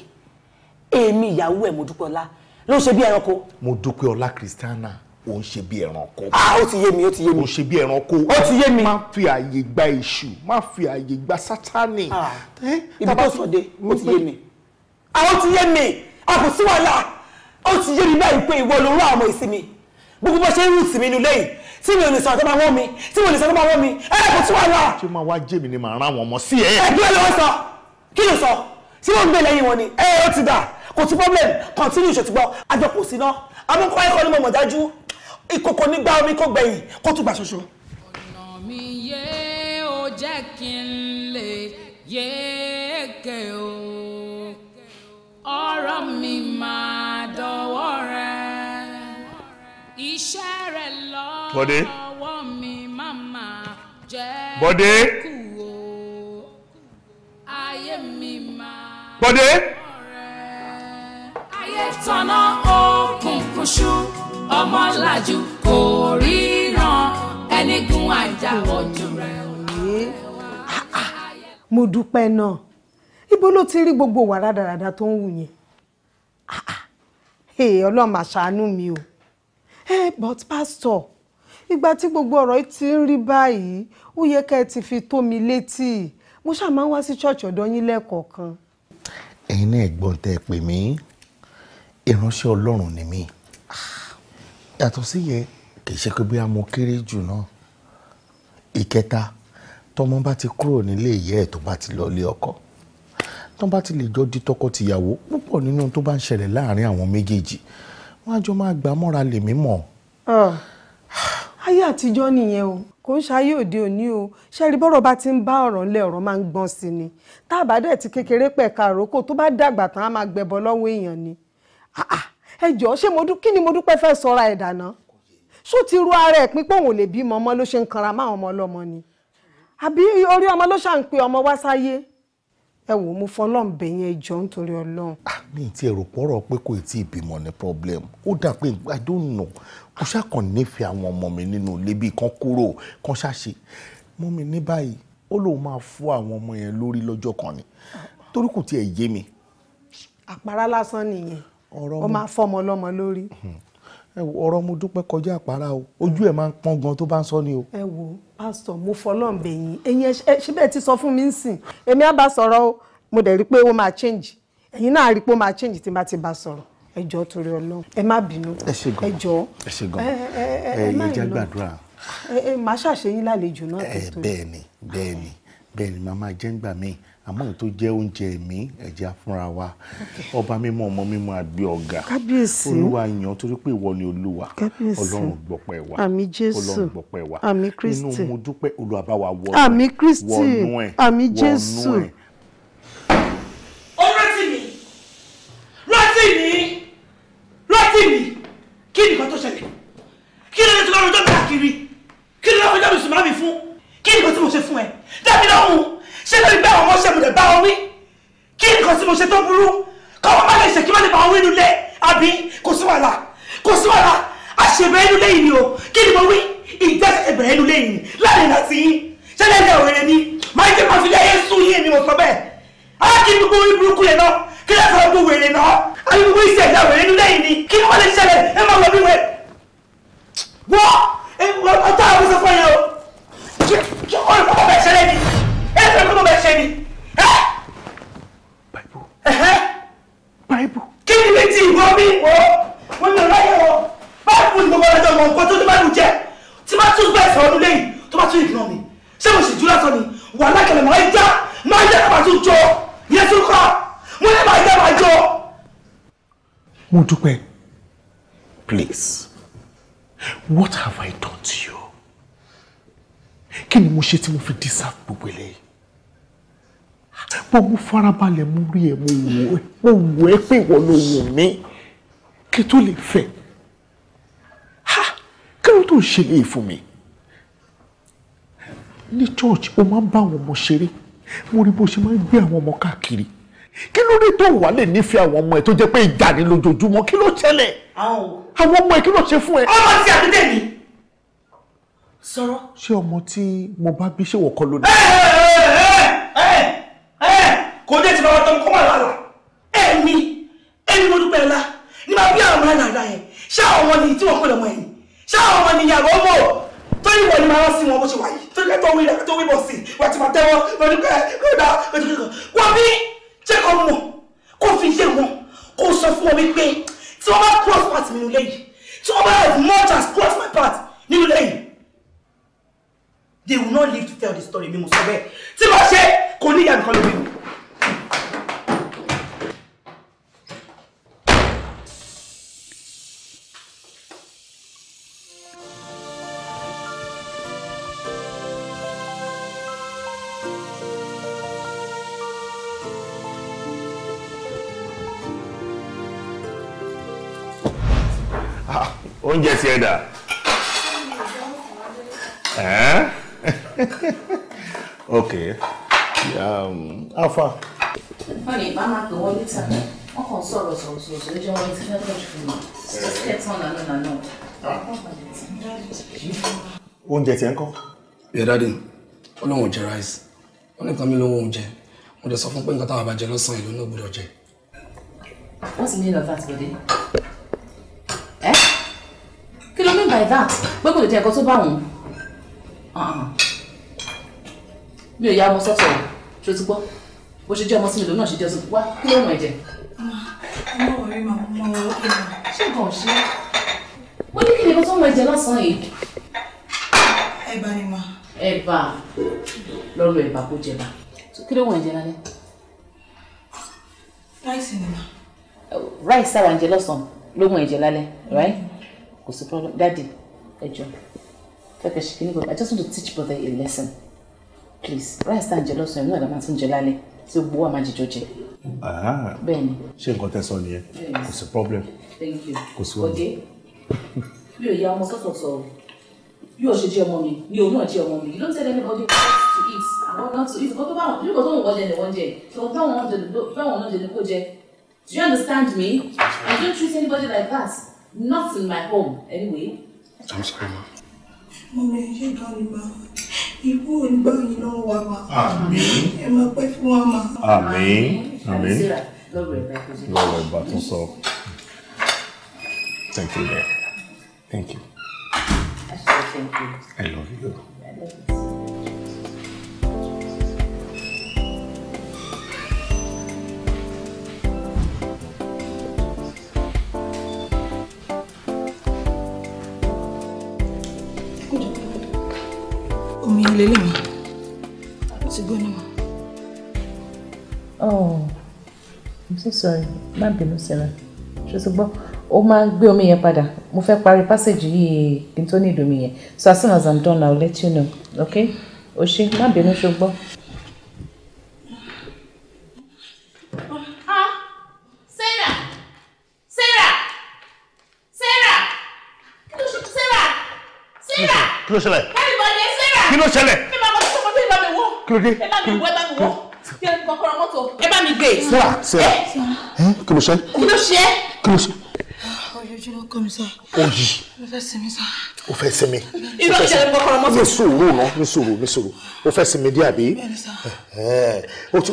èmi ìyàwó ẹ mo dúpẹ́ ọlá ló ń ṣe bí ẹranko. mo dúpẹ́ ọlá Kristiana ò ṣe bí ẹranko. ah ó ti yé mi ó ti yé mi. ò ń ṣe bí ẹranko. ó ti yé mi. má fi àyè gba èṣù má fi àyè gba sátánì. Ah, ibi tó sọ de ó ti yé mi. ah ó ti yé mi àpò ah, sí wàhálà ó ti yé mi báyìí pé ìwọ ló rán àwọn ìsinmi gbogbo bó ṣe ń rùn sí mi nílé yìí tí mi ò lè sọ àtọ́ máa wọ́n mi tí mi ò lè sọ àtọ́ máa wọ́n mi ẹ kò tí wàá là. ṣé máa wá jẹ́ mi ni màá rán àwọn ọmọ sí ẹ. ẹ dúró lọ́wọ́ sọ kí ló sọ tí wọ́n ń gbé lẹ́yìn wọn ni ẹ ó ti dà kò sí problem continue ṣètìgbọ́ àjọpọ̀ sí náà amúkọ́ ẹ̀kọ́ ni mo mọ̀ dájú ìkòkò nígbà omi kó gbẹ̀yìn kó tún gbà ṣoṣo. ọ̀nà mi yé o jẹ́ kí n lè yé èké o ọ̀rọ̀ mi máa dọ̀wọ́ rẹ iṣẹ́ rẹ lọ́wọ́ mi máa jẹ́ kú o ayé mi máa. Bọ́dé ayé tọ́nà òkùnkùn ṣú ọmọlàjú kò ríran ẹni gun àjà ojú rẹ̀. mo dúpẹ́ náà ibo ló ti rí gbogbo wàrà dáradá tó ń wù yẹn ọlọ́run mà ṣàánú mi o but pastor ìgbà tí gbogbo ọ̀rọ̀ ti ń rí báyìí ó yẹ ká ẹ ti fi tó mi létí mo ṣáà máa ń wá sí ṣọ́ọ̀ṣì ọ̀dọ̀ yín lẹ́ẹ̀kọ̀ọ̀kan. ẹ̀yin náà gbọ́n tẹ́ ẹ pè mí ìránṣẹ́ ọlọ́run ni mí yàtọ̀ sí yẹ kì í ṣe pé bóyá mo kéré jù náà ìkẹta tọmọ bá ti kúrò nílé ìyá ẹ̀ tó bá ti lọ ilé ọkọ tọ́ bá ti lè jọ di tọkọ-tìyàwó púpọ̀ nínú tó bá ń ṣẹlẹ̀ láàrin àwọn méjèèjì wọ́n á jọ máa gbà mọ́ra lèmi mọ̀. ayé àtijọ́ nìyẹn o kò ń ṣayé òde òní o ṣẹ́rí bọ́rọ̀ bá ti ń bá ọ̀rọ̀ ńlẹ̀ ọ̀rọ̀ máa ń gbọ́n sí ni tá a bá dẹ̀ ti kékeré pẹ̀ka àrókò tó bá dàgbà tán á máa gbẹbọ lọ́wọ́ èèyàn ni Ah, ah. ẹ jọ̀ọ́ ṣé kí ni mo dúpẹ́ fẹ́ sọra ẹ̀ dànà ṣó ti ru ara ẹ̀ pín pé òun lè bímọ ọmọ ló ṣe ń kanra máwọn ọmọ ọlọ́mọ ni àbí orí ọmọ ló ṣàn pé ọmọ wá sáyé ẹ wò mo fọlọ́n bẹ̀yìn ẹjọ́ nítorí ọlọ́run. Ah, mi ti èrò pọ̀rọ̀ pé kò tí ì bímọ ní problem ó dà pé i don't know kò ṣàkàn nífẹ̀ẹ́ àwọn ọmọ mi nínú ilé bíi kan kúrò kan ṣàṣe mú mi ní báyìí ó lóun máa fún àwọn ọmọ yẹn lórí lọ́jọ́ kan ni torí kò tiẹ̀ yé mi. àpárá lásán nìyẹn ó máa fọmọ lọ́mọ lórí. Hmm. ọ̀rọ̀ mo dúpẹ́ kọjá àpárá o ojú ẹ̀ máa ń pọ́n gan tó bá ń sọ ni o. ẹ wo pásítọ̀ mo fọlọ́n bẹ̀yìn ẹ̀yin ẹ ṣe bẹ́ẹ̀ ti sọ fún mi nsìn èmi á bá sọ̀rọ̀ o mo dẹ̀ rí i pé ó máa change ẹ̀yin náà rí i pé ó máa change tí n bá ti bá sọ̀rọ̀ ẹ jọ̀ọ́ torí Ọlọ́run ẹ má bínú ẹ jọ̀ọ́ ẹ ṣe gan ẹ yẹ jẹ́ gbàdúrà. màá ṣàṣeyín lálejò náà tó tó. bẹ́ẹ̀ ni bẹ́ẹ̀ ni bẹ́ẹ̀ ń gbà míì àmọ́ èyí tó jẹ́ oúnjẹ ẹ̀mí ẹ̀já fúnra wa ọba mímọ́ ọmọ mímọ́ àgbẹ̀ ọ̀gá kábíyèsí olúwa yan torí pé ìwọ ni olúwa kábíyèsí ọlọ́run gbọ̀pẹ̀ wa àmì jésù àmì kristi inú mo dúpẹ́ olúwa bá wa wọnú ẹ̀ wọnú ẹ̀ wọnú ẹ̀ bá wí kí nǹkan tí mo ṣe tó burú káwọn má lè ṣe kí má lè bá wí nulẹ̀ àbí kò sí wàhálà kò sí wàhálà àṣebẹ̀rẹ̀ nulẹ̀ yìí ni o kí ni mo wí ìdẹ́sẹ̀bẹ̀rẹ̀ nulẹ̀ yìí láàrin àti yín ṣẹlẹ̀ ilé òwèrè ni máa ń jẹ́ máa fi lé ayé sún yín ni mo sọ bẹ́ẹ̀ aláàkí gbogbo orí burúkú yẹn náà kí lè fọwọ́ gbogbo èrè náà àbí gbogbo iṣẹ́ ìdá òwèrè nulẹ̀ yìí ni kí ni wọ́n lè ṣẹlẹ̀ ẹ máa wọ bíwẹ̀ wọ́ ọtá àwọn sọ fún yẹn o kí ọ̀rọ̀ kọ́ bẹ̀ ṣẹlẹ̀ ni ẹ báìbù. kí ni mi ti ìwọ mi wọ mo ní ọláyẹ wọ báìbù ni gbogbo ọlọjọ mọ nǹkan tó ní báìbù jẹ tí bá tún bẹ́ẹ̀ sọ̀rọ̀ lẹ́yìn tó bá tún ìgbìmọ̀ mi ṣé mo sì júlá sọ ni wà lákẹlẹ̀ máa ń já máa ń já kápá tún jọ yẹn tún kọ́ mo ní máa já máa jọ. mo dúpẹ́ please what have I done to you kí ni mo ṣe tí mo fi deserve gbogbo eléyìí bó mo farabalẹ̀ mo rí ẹ mo wò ẹ mo wò ẹ pé ìwọ ló wù mí kí tó lè fẹ́ ha kí ló tó ń ṣe lè fún mi ní church o máa ń bá àwọn ọmọ ṣeré mo rí bó ṣe máa ń gbé àwọn ọmọ káàkiri kí ló dé tó wà lè nífẹ̀ẹ́ àwọn ọmọ ẹ tó jẹ́ pé ìjà ni lójoojúmọ́ kí ló ṣẹlẹ̀ àwọn ọmọ ẹ kí ló ṣe fún ẹ. ọmọ ti àdúdẹ mi sọ̀rọ̀. ṣé ọmọ tí mo bá bí ṣé wọ́n lónìí àwọn ọ̀tọ̀ nǹkan wà lára ẹ̀mí ẹ̀mí mo dúpẹ́ ńlá ní máa bí àwọn àlàlà yẹn ṣé àwọn ọmọ nìyí tí wọ́n pè lọ́mọ yẹn ṣé àwọn ọmọ nìyí àbọ̀ mọ̀ torí wọ̀ ni máa rán sí wọn bó ṣe wáyé torí kẹ́tọ́ wí rẹ̀ tó wí bọ̀ sí wà tí máa tẹ́wọ́ lọ́dún pẹ́ lọ́dà lọ́dún wọ́n bí jẹ́ kọ́ mọ̀ kó fi yé wọn kó sọ fún wọn wípé tí wọ́n bá cross path mi nílé yìí tí wọ́n bá as much as cross my path nílé yìí they will not live to tell the story mi mo sọ bẹ́ẹ̀ tí wọ́n ṣe kò ní ìyá nìkan lóbi o. oúnjẹ ti ẹ̀dà ok um, alpha. wọ́n lè bá máa pè wọ́n lítà wọ́n kàn sọ̀rọ̀ sọ̀rọ̀ sọ̀rọ̀ lójú wọn ti fẹ́ pọ̀ jù fún mi just get on and on and on. Ah. oúnjẹ tiẹ̀ ń kọ́. yẹ dáadé ó lóun ò jẹ ráìsì wọn nìkan mi lówó oúnjẹ mo dẹ̀ sọ fún pé nǹkan táwọn abajẹ lọ́sàn-án ìlú náà gbọ́dọ̀ jẹ. what's the meaning of that body? like that pé kò lè jẹ́ nǹkan tó bá òun mi ò yá ọmọ sọ́tọ̀ o ti gbọ́ bó ṣe jẹ́ ọmọ sí mi náà ṣe jẹ́ wá kí ló ń ẹ̀jẹ̀. ọmọ ọ̀rẹ́ màá mọ ọ̀rẹ́ màá ṣé nǹkan ṣe wọ́n ní kí kó tó ń ẹ̀jẹ̀ lọ́sàn-án yìí. ẹ̀bà ni mà. ẹ̀bà lọ́rùn ẹ̀bà kó jẹba kí ló ń ẹ̀jẹ̀ lálẹ́. ráìsì ni mà. ráìsì àwọn ẹ̀jẹ̀ lọ́sàn-án ló ń ẹ̀jẹ̀ lálẹ́ right. Mm-hmm kò sí problem daddy ẹ jọ fẹkẹ ṣe kí ni i just want to teach brother a lesson please Why tá à ń jẹ lọ́sàn-án ìmúlẹ̀ àdámà tún jẹ lálẹ́ tí gbogbo wa máa jíjọ jẹ. bẹ́ẹ̀ ni. ṣé nǹkan tẹ́ sọ nìyẹn kò sí problem kò sí wàhálà. mi ò ya ọmọ sọ́sọ̀ sọ̀rọ̀ bí o ṣe jẹ́ ọmọ mi ni òun náà jẹ́ ọmọ mi you don't tell anybody what to eat and what not to eat nǹkan tó bá wọn bí nǹkan tó wọn jẹ ni wọ́n jẹ nǹkan táwọn náà jẹ ni kò jẹ do you understand me And don't treat anybody like that. Not in my home, anyway. I'm sorry, ma. Mommy, you don't ma. Ibu onigba yìí náà wà ma. Àmín. Ẹ máa pẹ́ fún wa ma. Àmín. Àmín. Lọ́wọ́ ẹ̀bà tó sọ. Thank you, dear. Thank you. I love you. I love you. mi lélẹ̀ mi ti gbóná oh i'm so sorry má bínú Sarah ṣe ti gbọ́ ó máa ń gbé omi yẹn padà mo fẹ́ parí passage yìí kí n tó ní ìdòmí yẹn so as soon as i'm done i'll let you know okay o ṣe má bínú ah, ṣe gbọ́. Close your eye kí ló ṣẹlẹ̀. ẹ máa bọ̀ sí ọmọdé ẹ bá mi wọ́ ẹ bá mi wọ́ ẹ bá mi wọ́ ẹ bá mi gbé. sara sara ẹ kí ló ṣe. kí ló ṣe. kí ló ṣe. ojoojúmọ́ kọ́ mi sá. oyi. mo fẹ́ sinmi sá o fẹ́ sinmi. irọ́ ìṣẹ̀lẹ̀ kọ́kọ́rọ́ mọ́tò. ní sùúrù náà ní sùúrù ní sùúrù o fẹ́ sinmi díẹ̀ àbí.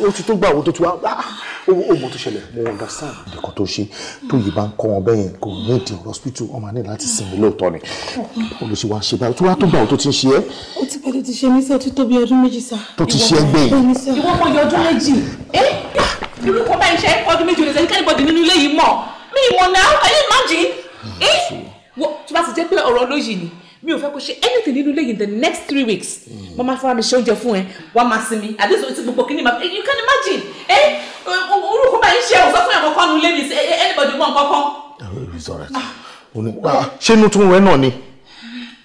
o ti tó gba àwọn tó ti wá ah, o mọ̀ tó ṣẹlẹ̀ mo understand. nǹkan tó ṣe tó yìí bá ń kọ́ wọn bẹ́yẹn kò ní ìdí hospital ọmọ ní láti sinmi lóòótọ́ ni olùsí wa ń ṣe báyìí tó wá tó gba àwọn tó ti ń ṣe é. o ti pẹ́ tó ti ṣe mí sẹ́ tó tóbi ọdún méjì sá. tó ti ṣe ẹgbẹ́ yìí. ìwọ mọ iye ọdún méjì. Eh? irú kọ́ bá iṣẹ́ ọdún méjì ò lè sẹ́ni kẹ́lẹ́bọ̀dì nínú ilé yìí mọ̀ mí wo tó bá ti jẹ́ pé ọ̀rọ̀ olóyìn ni mi ò fẹ́ kó ṣe anything nínú ilé yìí in the next three weeks mo hmm. máa fọwọ́ mi ṣe oúnjẹ fún ẹ wàá máa sinmi àdéhùn tí gbogbo kìíní máa you can imagine ẹ eh, orúkọ bá yín ṣe ọ̀sọ́ fún ẹ̀kọ́ kan nulẹ̀ mi eh, eh, anybody mọ̀ nǹkan kan. Ah. Ah, ṣé inú tún rẹ náà ni.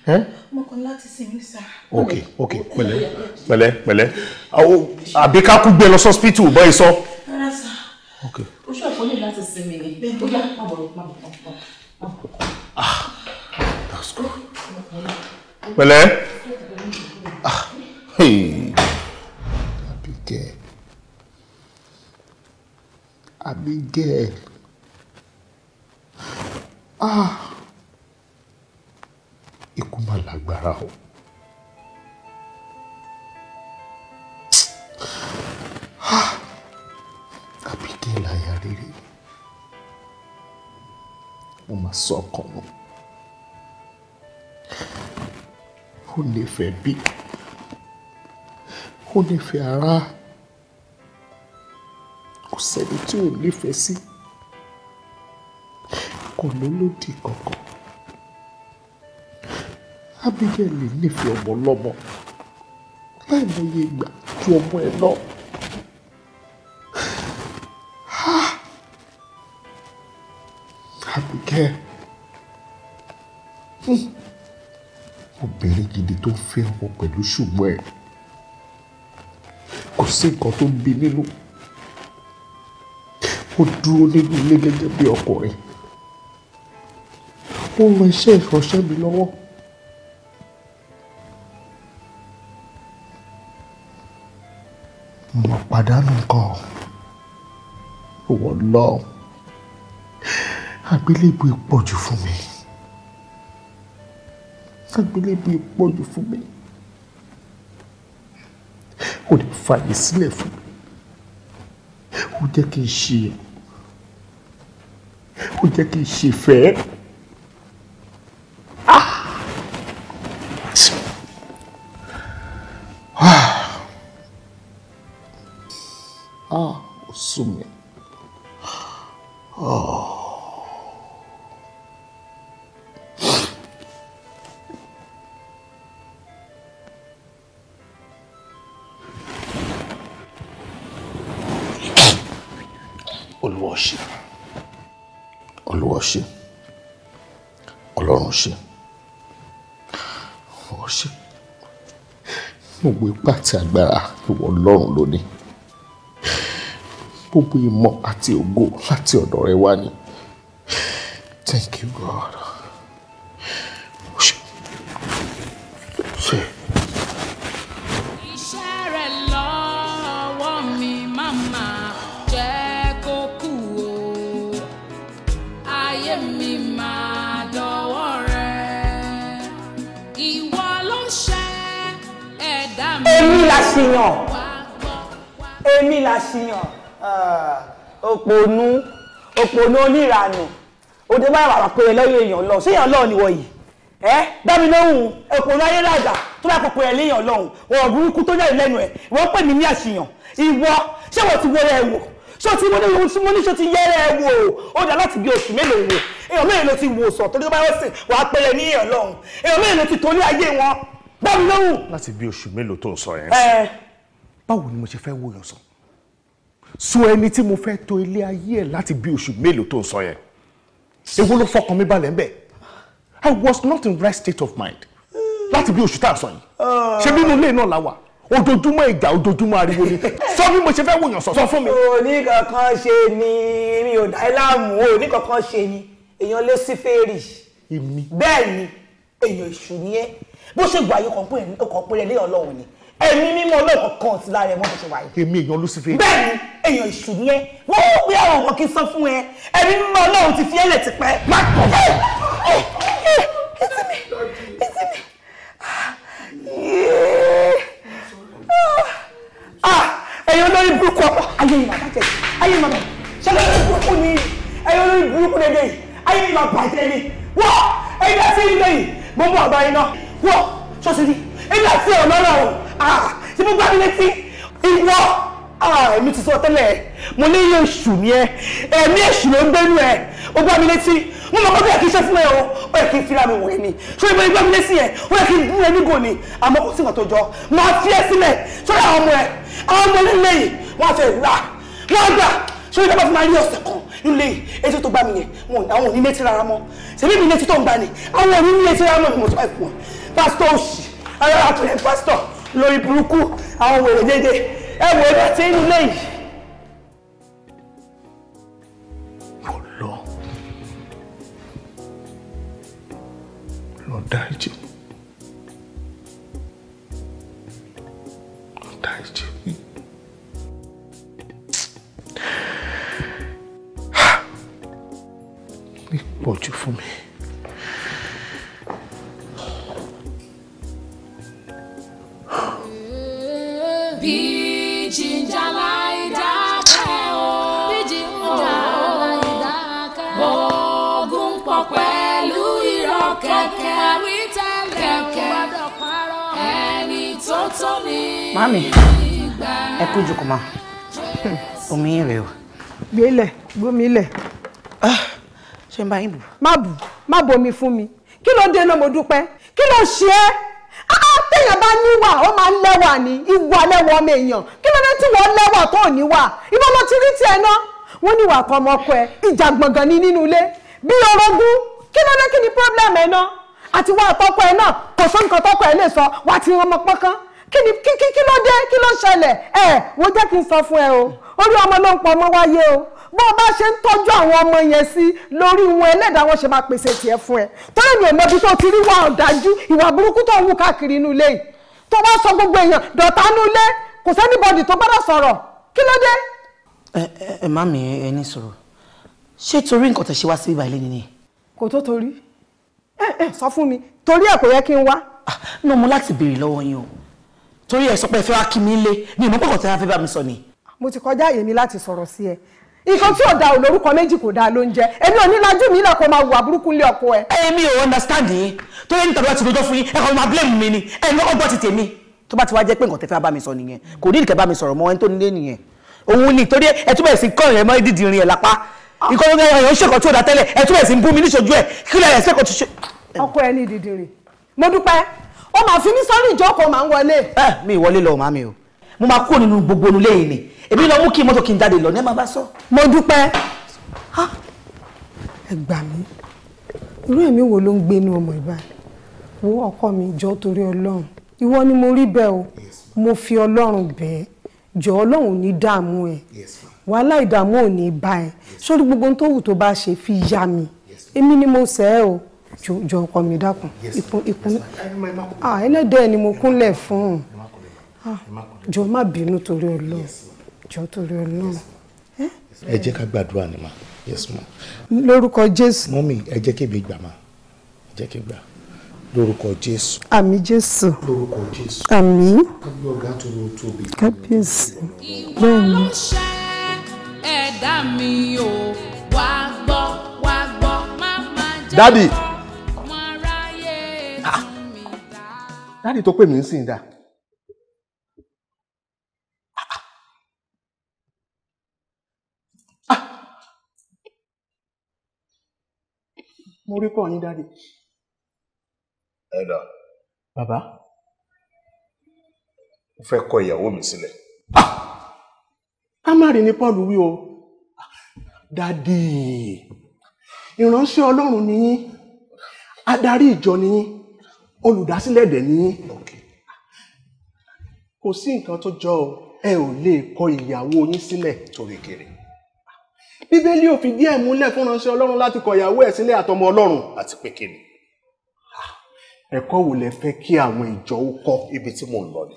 Ah. mo kàn láti sinmi sá. ok ok oh, pẹ̀lẹ́ pẹ̀lẹ́ pẹ̀lẹ́ àbí ká kú gbé lọ sọ́spítù bọ́ ẹ sọ. rárá sá oṣù àpọ́nlé láti sinmi ni ó yá má bọ̀ má bọ̀ má bọ̀ ah that's good. pẹ̀lẹ́ ah Abigail Abigail ah ikú mà lágbára o. Ah, Abigail aya rere mo só como, o nù o nífẹ̀ẹ́ o ó nífẹ̀ẹ́ ara kò sẹ́ni tí ò nífẹ̀ẹ́ sí kò lólódì kankan Abigail nífẹ̀ẹ́ ìgbà ju ọmọ ẹ̀ náà. àbíkẹ́ obìnrin gidi tó fẹ́ ọkọ pẹ̀lú ṣùgbọ́n ẹ̀ kò sí nǹkan tó bí nínú ó dúró nínú ilé gẹ́gẹ́ bí ọkùnrin ó ran iṣẹ́ ìránṣẹ́ mi lọ́wọ́. mo pàdánù nǹkan ò wọ́n lọ́ọ̀ àgbélébùú pọ̀jù fún mi àgbélébùú pọ̀jù fún mi ò ní fàyè sílẹ̀ fún mi ó jẹ́ kí n ṣe ó jẹ́ kí n ṣe fẹ́ẹ́. ìkápá àti agbára ìwọ ọlọ́run ló gbogbo ìmọ̀ àti ògo láti ọ̀dọ̀ rẹ wá ni thank you God. òpònú oníranù òde bá wà pé lọ́yọ̀ èèyàn lọ sí èèyàn lọ nìwọ yìí ẹ dábì lóhùn òpònú ayélujára tó bá pèpè ẹlẹ́yàn lọ́hùn ọ̀rọ̀ burúkú tó jáde lẹ́nu ẹ̀ wọ́n pè mí ní àṣìyàn ìwọ ṣé wọ́n ti wọlé ẹ wò ṣé o ti mo ní ohun tí mo ní ṣe ti yẹ́rẹ́ ẹ wò ó dá láti bí oṣù mélòó wò èèyàn mélòó ló ti wò sàn torí tó bá yọ sìn wàá pẹ́rẹ́ ní èèyàn lọ́hùn èèyàn mélòó ti torí ayé wọn dábì lóhùn. láti bí oṣù mélòó tó ń sọ yẹn báwo ni mo ṣe fẹ́ wò yàn sàn so ẹni tí mo fẹ́ tò ilé ayé ẹ̀ láti bí oṣù mélòó tó ń sọ yẹn èwo ló fọkàn mi balẹ̀ ńbẹ̀ I was not in right state of mind láti bí oṣù tá a sọ yìí ṣe bí inú ilé náà la wà ojoojúmọ́ ìjà ojoojúmọ́ ariwo ni sọ bí mo ṣe fẹ́ wòyàn sọ fún mi. òní kankan ṣe ni mi ò dá iláàmù òní kankan ṣe ni èèyàn lé sí fèrè. èmi. bẹ́ẹ̀ ni èèyàn èṣù ni ẹ bó ṣe gbà yìí kàn pé léèyàn lọ́wọ́ ni ẹ̀mí mímọ́ lọ́kọ̀ kan sí lára ẹ̀ wọ́n ti ṣe wáyé. èmi èèyàn lucifer. bẹ́ẹ̀ni èèyàn ìṣù ni ẹ wọn ò gbé àwọn ọmọ kí n sọ fún ẹ ẹ̀mí mímọ́ Ọlọ́run ti fi ẹlẹ tipẹ́. má tọ̀ bẹ́ẹ̀. bísí mi bísí mi ah, ah, ẹ̀yin olórí burúkú ọkọ ayé mi máa bàjẹ́ ayé mi máa bàjẹ́ ṣẹlẹ̀ olórí burúkú ni ẹ̀yin olórí burúkú dédé yìí ayé mi máa bàjẹ́ ni wọ́n ẹ̀yin ẹ̀sìn ìlú yìí gbogbo àgbáyé náà wọ́n ṣọ́ọ́sì èmi àti ọlọ́rọ̀ o ṣé mo gbá mi létí ìwọ èmi ti sọ tẹ́lẹ̀ mo ní iye èṣù ni ẹ ẹ̀mí èṣù ló ń gbénu ẹ o gbá mi létí mo mọ̀ kọ́tọ́ yẹ kí iṣẹ́ fún ẹ o ó yẹ kí n fira mi wọ̀ ẹ́ ni ṣé ìbọn ìgbà mi lé sí ẹ ó yẹ kí n dún ẹ ní gòní àmọ́ kò sí nǹkan tó jọ máa fi ẹ sílẹ̀ sórí àwọn ọmọ ẹ àwọn ọmọ nílé yìí wọ́n á fẹ́ rà wọ́n gbà ṣé ìjọba fún máa rí ọ̀sẹ̀ kan ètò tó gbà mí yẹn àwọn ò létí rárá mọ́ ṣèbí mi létí tó ń gbà àwọn ò létí rárá mọ́ ni mo sọ ẹ̀kún pásítọ̀ òṣì ara àtúnyẹ pásítọ̀ lórí burúkú àwọn wèrè dédé ẹ wò ó ti ń lé yìí. mo lọ lọ dá ìjì lọ dá ìjì. pọ̀ jù fún mi. Mami, ìdákẹ́ ẹ kú jùkú ma omi rẹ o. gbélé gómìnlẹ ah, ṣe ń bá yín bù. má bù má bomi fún mi kí ló dé náà mo dúpẹ́ kí ló ṣe é ah, téèyàn bá níwà ó máa ń lẹ́wà ní ìwà lẹ́wà ọmọ èèyàn kí ló dé tí wọ́n lẹ́wà tó ò níwà ti rí tiẹ̀ náà wọ́n níwà kan ọmọkọ ẹ̀ ìjà gbọ̀ngàn ní nínú ilé bí orogún kí ló dé kí ni problem àti wà náà kò sọ nǹkan tọ́kọ lè sọ wà ti rán ọmọ pọ́kán kí ni kí kí ló dé kí ló ṣẹlẹ̀ jẹ́ kí n ẹ o orí bó o bá ṣe ń tọ́jú àwọn ọmọ yẹn sí lórí wọn ẹlẹ́dàá wọn ṣe máa pèsè tiẹ̀ fún ẹ torí mi ò mọbi tó ti rí wà ọ̀dájú ìwà burúkú tó wù káàkiri inú ilé tó wá sọ gbogbo èèyàn dọ̀tá inú ilé kò sẹ́nibọ̀dì tó gbọ́dọ̀ sọ̀rọ̀ kí ló dé. ẹ ẹ má mi ẹ ní ṣé torí nǹkan tẹ̀ ṣe wá sí ibà ilé nìyẹn. kò tó torí ẹ ẹ sọ fún mi torí ẹ kò yẹ kí n wá. Ah, náà mo láti béèrè lọ́wọ́ yín o torí ẹ sọ pé ẹ fẹ́ wá kí mi lé mi ò mọ̀ pọ̀kàn tí wọ́n fẹ́ bá mi sọ ni. mo ti kọjá àyè láti sọ̀rọ̀ sí ẹ nǹkan tí ò da ò lórúkọ méjì kò da ló ń jẹ èmi ò ní lajú mi lọkọ máa wà burúkú lé ọkọ ẹ. èmi ò understand yín tó yẹ nítorí wọn ti rojọ́ fún yín ẹ máa blame mi ni ẹ ní ọgbọ́n ti tèmi. tó bá ti wá jẹ́ pé nǹkan tẹ́ fẹ́ bá mi sọ nìyẹn kò ní ìkẹ́ bá mi sọ̀rọ̀ mọ́ ẹni tó nílé nìyẹn òun ni torí ẹ túbọ̀ sí kọ́ ìrẹ́mọ́ dídì rin ẹ̀ lápá ìkọ́ ìrẹ́mọ́ da tẹ́lẹ̀ ẹ túbọ̀ sí ń bú mi níṣojú ẹ̀ kí lẹ́yìn ẹ̀ṣẹ̀kọ̀ tó ṣe. ọkọ ẹni dídì rin mo dúpẹ́ ó máa fi mí sọ́rí ìjókòó ń wọlé. o mo máa kúrò nínú gbogbo onú lẹ́yìn ni èmi lọ mú kí mọ́tò kí n jáde lọ ní ẹ máa bá sọ. mo dúpẹ́ ẹ gbà mí irú ẹ̀mí wo ló ń gbé inú ọmọ ìbá wo ọkọ mi jọ torí ọlọ́run ìwọ ni mo rí bẹ́ẹ̀ o mo fi ọlọ́run bẹ́ẹ̀ jọ ọlọ́run ní dààmú ẹ wàhálà ìdààmú ò ní bá ẹ sórí gbogbo tó wù tó bá ṣe fi yá mi èmi ni mo sẹ́ ẹ o jọ ọkọ mi dákun ìkún ìkún ah, ẹlẹ́dẹ̀ẹ́ ni mo kúnlẹ̀ fún un. Ah, jọ má bínú torí Ọlọ́run jọ torí Ọlọ́run. Eh? ẹ jẹ́ ká gbàdúrà ni ma yes ma. lórúkọ Jésù. mọ́mí ẹ jẹ́ kébi gbà ma ẹ jẹ́ kébi gbà lórúkọ jésù. àmì jésù. lórúkọ jésù. àmì. kábíyèsí ọ̀gá tó ló tóbi. kábíyèsí. ìwọ ló ṣe ẹ̀dá mi ò wá gbọ́ wá gbọ́ má má jẹ́ dádì. Ah. dádì tó pè mí ń sìn dáa. mo rí kọ́ yín dáre. ẹ lọ. bàbá. mo fẹ́ kọ ìyàwó mi sílẹ̀. ká má rí ní paul wí o ah! dádì ìránṣẹ́ ọlọ́run ni yín adarí ìjọ ni yín olùdásílẹ̀ dẹ̀ ni yín kò sí nǹkan tó jọ ẹ ò lè kọ ìyàwó yín sílẹ̀. torí kiri bíbélì ò fi díẹ̀ múlẹ̀ fún ránṣẹ́ ọlọ́run láti kọ ìyàwó ẹ̀ sílẹ̀ àtọmọ ọlọ́run àti pé kíni ẹ̀kọ́ wo lẹ fẹ́ kí àwọn ìjọ ó kọ́ ibi tí mò ń lọ ni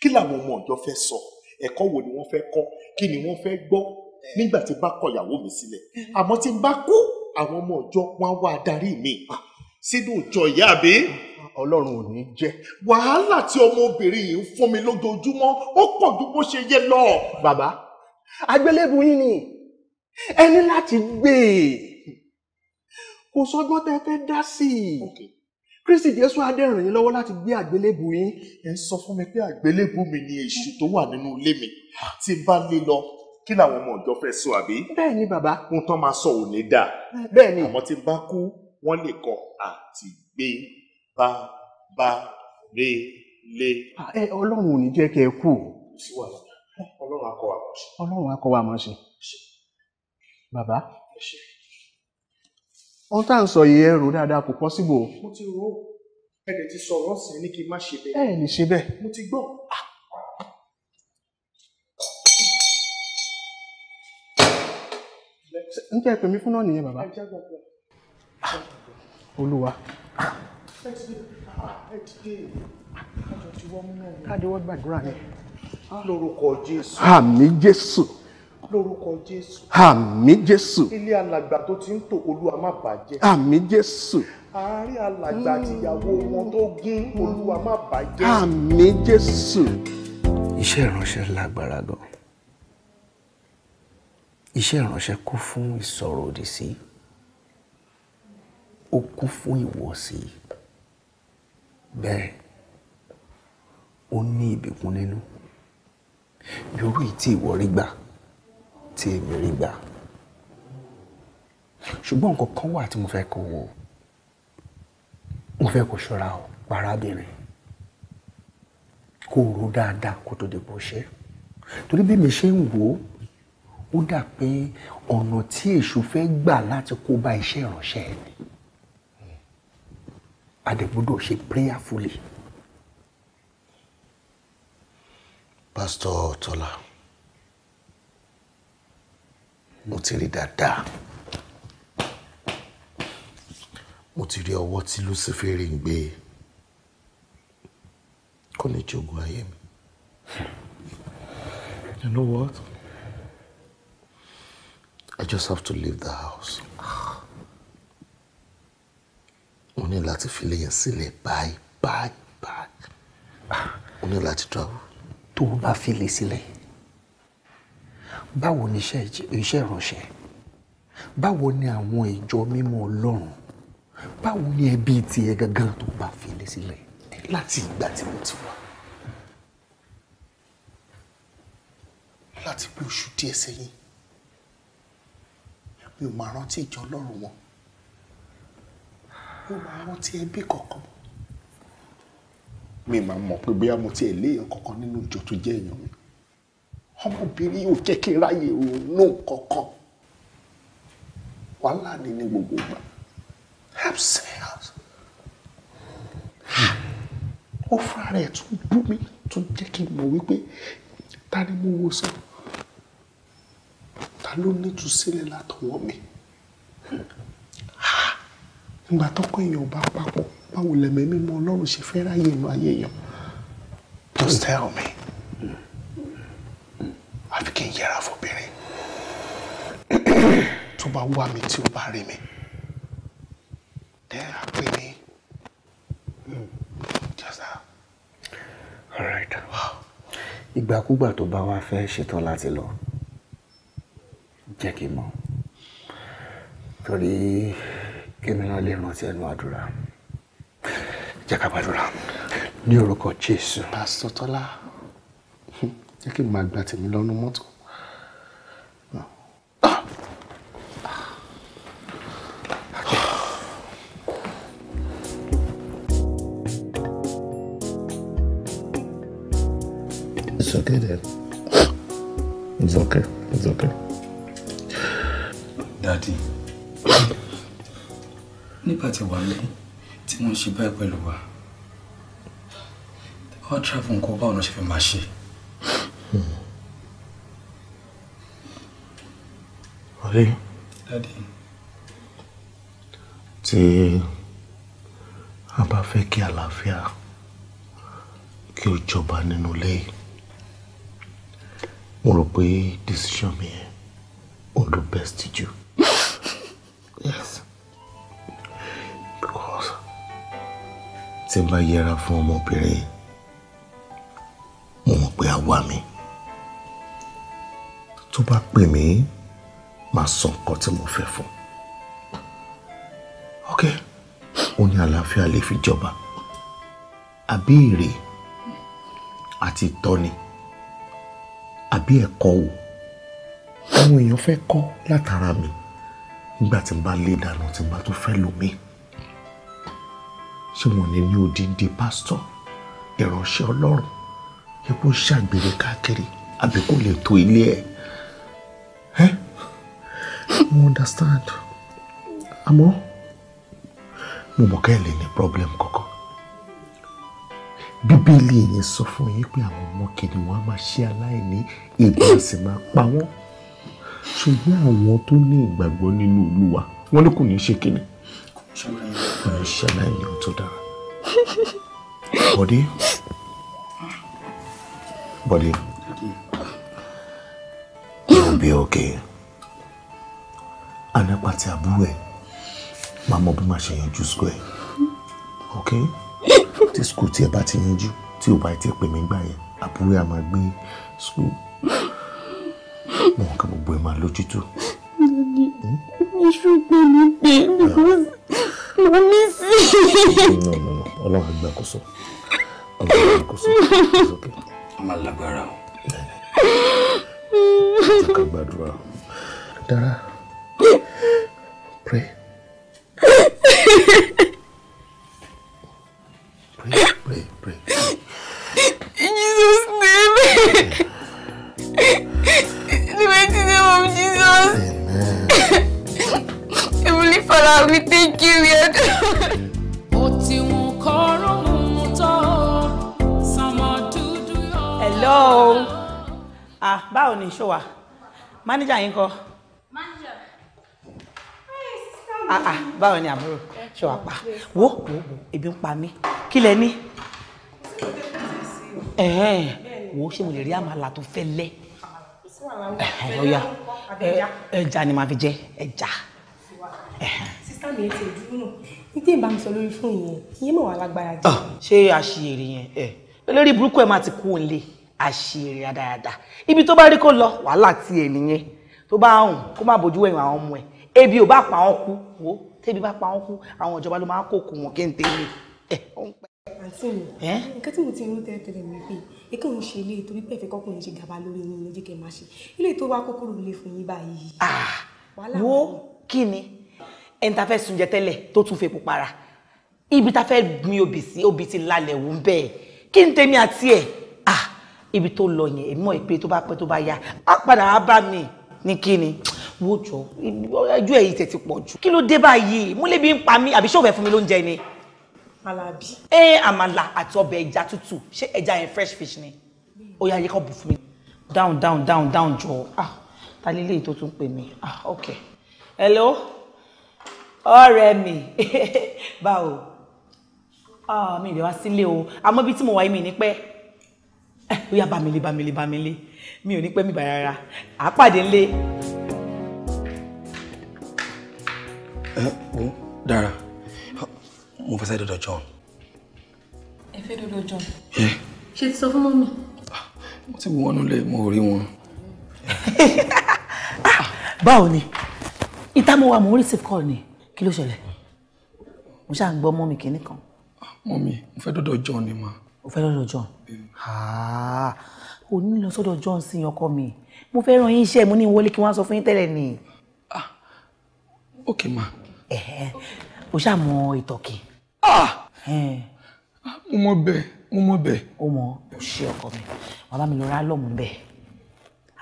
kí làwọn ọmọ ìjọ fẹ́ sọ ẹ̀kọ́ wo ni wọ́n fẹ́ kọ́ kí ni wọ́n fẹ́ gbọ́ nígbà tí n bá kọ ìyàwó mi sílẹ̀ àmọ́ tí n bá kú àwọn ọmọ ìjọ wọn wá darí mi sínú ìjọ ìyá àbí ọlọ́run ò ní jẹ́. wàhálà tí ọmọbìnrin yìí ń fún mi lójoojúmọ́ ó pọ̀ ju bó ṣe yẹ lọ. bàbá àgbélébùú yín ni ẹ ní láti gbé e kò sọgbọ́n tẹ́ fẹ́ dá sí i kristi jésù adẹ́rìn yín lọ́wọ́ láti gbé àgbélébù yín. ẹ sọ fún mi pé àgbélébù mi ni èṣù tó wà nínú ilé mi tí n bá lé lọ kí làwọn ọmọ ọjọ́ fẹ́ sọ àbí. bẹ́ẹ̀ ni bàbá. ohun tán máa sọ ò ní dáa. bẹ́ẹ̀ ni àmọ́ tí bá kú wọ́n lè kọ àti gbé bá bá lé lé. ẹ ọlọ́run ò ní jẹ́ kẹ́ ẹ kú. ọlọ́run akọ wa ṣe. ọlọ́run akọ wa ṣe bàbá ohun tá à ń sọ yìí ẹ rò dáadáa kò pọ́síbò. mo ti rò ó ẹ dẹ̀ ti sọ̀rọ̀ sí ní kí n má ṣe bẹ́ẹ̀. ẹ lè ṣe bẹ́ẹ̀. mo ti gbọ́. n tẹ́ ẹ pè mí fún náà nìyẹn bàbá. olúwa. káàdì wọ́n gbàdúrà ni. lórúkọ jésù. àmì jésù lórúkọ jésù. àmì jésù. ilé alàgbà tó ti ń tò olúwa má bàjẹ́. àmì jésù. àárín alàgbà àtìyàwó wọn tó gún olúwa má bàjẹ́. àmì jésù. iṣẹ́ ìránṣẹ́ lágbára gan. iṣẹ́ ìránṣẹ́ kún fún ìsọ̀rọ̀ òdì sí ó kún fún ìwọ̀sí bẹ́ẹ̀ ó ní ìbìkún nínú yorùbá tí ìwọ rí gbà tí èmi rí gbà ṣùgbọ́n nǹkan kan wà tí mo fẹ́ kó wò mo fẹ́ kó ṣọ́ra o parábìnrin kó rò dáadáa kó tó dìbò ṣe torí bí mi ṣe ń wò ó ó dà pé ọ̀nà tí èṣù fẹ́ gbà láti kó bá iṣẹ́ ìránṣẹ́ ẹni àdègbúdọ̀ ṣe prayerfully. pásítọ̀ tọ́lá mo ti rí dáadáa mo ti rí ọwọ́ tí Lucifer ń gbé kó lè jogún ayé mi. You know what? I just have to leave the house. Mo ní láti fi léyìn sílẹ̀ báyìí báyìí báyìí. Mo ní láti travel. Tó o bá fi lè sílẹ̀ báwo ni iṣẹ́ ìránṣẹ́ báwo ni àwọn ìjọ mímọ́ Ọlọ́run báwo ni ẹbí tiẹ̀ gangan tó bá fi lé sílẹ̀ láti ìgbà tí mo ti wá láti bí oṣù díẹ̀ sẹ́yìn mi ò máa rántí ìjọ Ọlọ́run wọn mi ò máa rántí ẹbí kankan mi máa mọ̀ pé bóyá mo tiẹ̀ léèyàn kankan nínú ìjọ tó jẹ́ èèyàn mi ọmọbìnrin yóò jẹ́ kí n ráyè ronú kankan wàhálà ni ní gbogbo ìgbà help sales ah! ó fúnra rẹ̀ tún bú mi tún jẹ́ kí n mọ̀ wípé ta ni mo wo sàn ta ló ní ìtúsílẹ̀ látọwọ́ mi ìgbà ah! tọkọ èèyàn bá papọ̀ báwo lẹ̀mí mímọ́ ọlọ́run ṣe fẹ́ ráyè inú ayé èèyàn just tell me àfi kí n yẹra fọbìnrin tó bá wá mi tí ó bá rí mi then àpè ní just that. all right ìgbàkúgbà tó bá wá fẹ́ ṣetán láti lọ jẹ́ kí n mọ̀ torí kí mi náà lè rántí ẹnu àdúrà jẹ́ ká gbàdúrà ní orúkọ Jésù. pásítọ̀ Tọ́lá jẹ́ kí n máa gba tèmi lọ́nu mọ́tò. It's okay then. It's okay. It's okay. Daddy. Nígbà tí wà lẹ́yìn tí wọ́n ṣe báyìí pẹ̀lú wa, wọ́n travel nǹkan báwọn ṣe fi máa ṣe ọ̀rẹ́ tí a bá fẹ́ kí àlàáfíà kí ó jọba nínú ilé mo rò pé decision mi yẹn ó ló best jù yes because tí n bá yẹra fún ọmọbìnrin mo mọ̀ pé a wà mí bá pè mí máa sọ nǹkan tí mo fẹ́ fún ok ó ní àlàáfíà lè fi jọba àbí èrè àti ìtọ́ni àbí ẹ̀kọ́ wò àwọn èèyàn fẹ́ kọ́ látara mi nígbà tí n bá lé dànù tí n bá tún fẹ́ lò mí ṣé wọn ní ní odindi pásítọ̀ ìránṣẹ́ ọlọ́run yẹ kó ṣàgbèrè káàkiri àbí kó lè tó ilé ẹ̀ mo understand Amo? mo mọ̀ kẹ́ ẹ̀ lè ní problem kankan bíbélì yẹn sọ fún yín pé àwọn ọmọ kìnìún á máa ṣe aláìní ìgbà sì máa pa wọ́n ṣùgbọ́n àwọn tó ní ìgbàgbọ́ nínú olúwa wọ́n ní kò ní ṣe kíni kò ní ṣe aláìní ohun tó dára bọ̀dé bọ̀dé you'll be okay ànápa ti àbúrò ẹ̀ máa mọ bí máa ṣe yanjú school ẹ̀ ok tí school tí ẹ bá ti yanjú tí ò bá ti pè mí gbà yẹn àbúrò ẹ̀ máa gbé school mo kà gbogbo ẹ̀ máa lójútó. iṣu pé mi pé mo ní sí. ọlọ́run àgbà kò sọ ọlọ́run àgbà kò sọ ọmọ alágbára o. Ẹ ká Pray. pray, pray, pray. In Jesus' name. In the mighty name of Jesus. Amen. Heavenly Father, we thank you. We adore. Hello. Ah, báwo ni ṣó wa? Manager yín kọ́. Ah, ah, báwo ni àbúrò ṣe wà pa wo wo wo ebi ń pa mí kí lẹ ní wo ṣé mo lè rí àmàlà tó fẹ́ lẹ́ ọ̀ya ẹja ni màá fi jẹ ẹja. sísá mi ti dúró ní tí ìbámu sọ lórí fún ìyẹn ìyẹn mọ̀ wá lágbára jẹ. Ah, ṣé àṣìírí yẹn ẹ olórí burúkú ẹ máa ti kú òun lè àṣìírí dáadáa ibi tó bá rí kó lọ wàhálà tiẹ̀ nìyẹn tó bá hùn kó má bójú wẹ̀yìn àwọn ọmọ ẹ̀ ebi ò bá pa wọn kú wo tébi bá pa wọn kú àwọn ìjọba ló máa ń kókò wọn kéńté mi ẹ eh, ó ń pẹ́. àǹtí mi nǹkan tí mo ti rún tẹ́lẹ̀tẹ́lẹ̀ mi pé èké òun ṣe ilé torí pé ìfẹ́ ṣe gàba lórí yín ló jẹ́ máa ṣe ilé tó wá kókòrò lè fún yín báyìí. Ah, wo kí ni ẹni tá fẹ́ sunjẹ tẹ́lẹ̀ tó tún fẹ́ pupara ibi tá fẹ́ gbin obì sí obì ti lálẹ́ wù ń bẹ́ẹ̀ kí n tẹ́mi àti ẹ̀ ah, ibi tó lọ yẹn èmi mọ̀ pé tó bá pẹ́ tó bá yá á padà á bá mi ní kí ni wò jọ ẹjọ́ ẹ̀yìn tẹ̀ ti pọ̀ jù kí ló dé báyìí múlẹ́bí ń pa mí àbí ṣé o fẹ́ fún mi lóúnjẹ ni. alábì. ẹ àmàlà àti ọbẹ̀ ẹja tútù ṣé ẹja yẹn fresh fish ni ó yà yẹ kó bù fún mi. down down down down jọ ah ta lílé èyí tó tún pè mí ah ok hello ọ̀rẹ́ mi báwo ah mi ìdè wá sílé o àmọ́ bí tí mo wà yìí mi ní pẹ́ ó yà bàmílé bàmílé bàmílé mi ò ní pẹ́ mi bàrà rà á pàdé Dara move aside sẹ́ John. ẹ fẹ́ dọ̀dọ̀ John. Yeah. ti sọ fún mọ́mì. What if we want to rí wọn. Ah, báwo ni ìta mo wa mo ń receive call ni kí ló ṣẹlẹ̀ mo ṣáà ń Mommy, mọ́mì kìíní kan. Ah, mọ́mì mo fẹ́ dọ̀dọ̀ John ni mà. mo fẹ́ dọ̀dọ̀ John. Ah, o ní lọ sọ́dọ̀ John sin ọkọ mi mo fẹ́ ràn yín iṣẹ́ mo ní ìwọlé kí wọ́n á sọ fún yín tẹ́lẹ̀ ni. ma o ṣáà mọ ìtọ́kì. Ah! mo mọ bẹ́ẹ̀ mo mọ bẹ́ẹ̀. ó mọ o ṣe ọkọ mi bàbá mi lọ ra álọ́mù bẹ́ẹ̀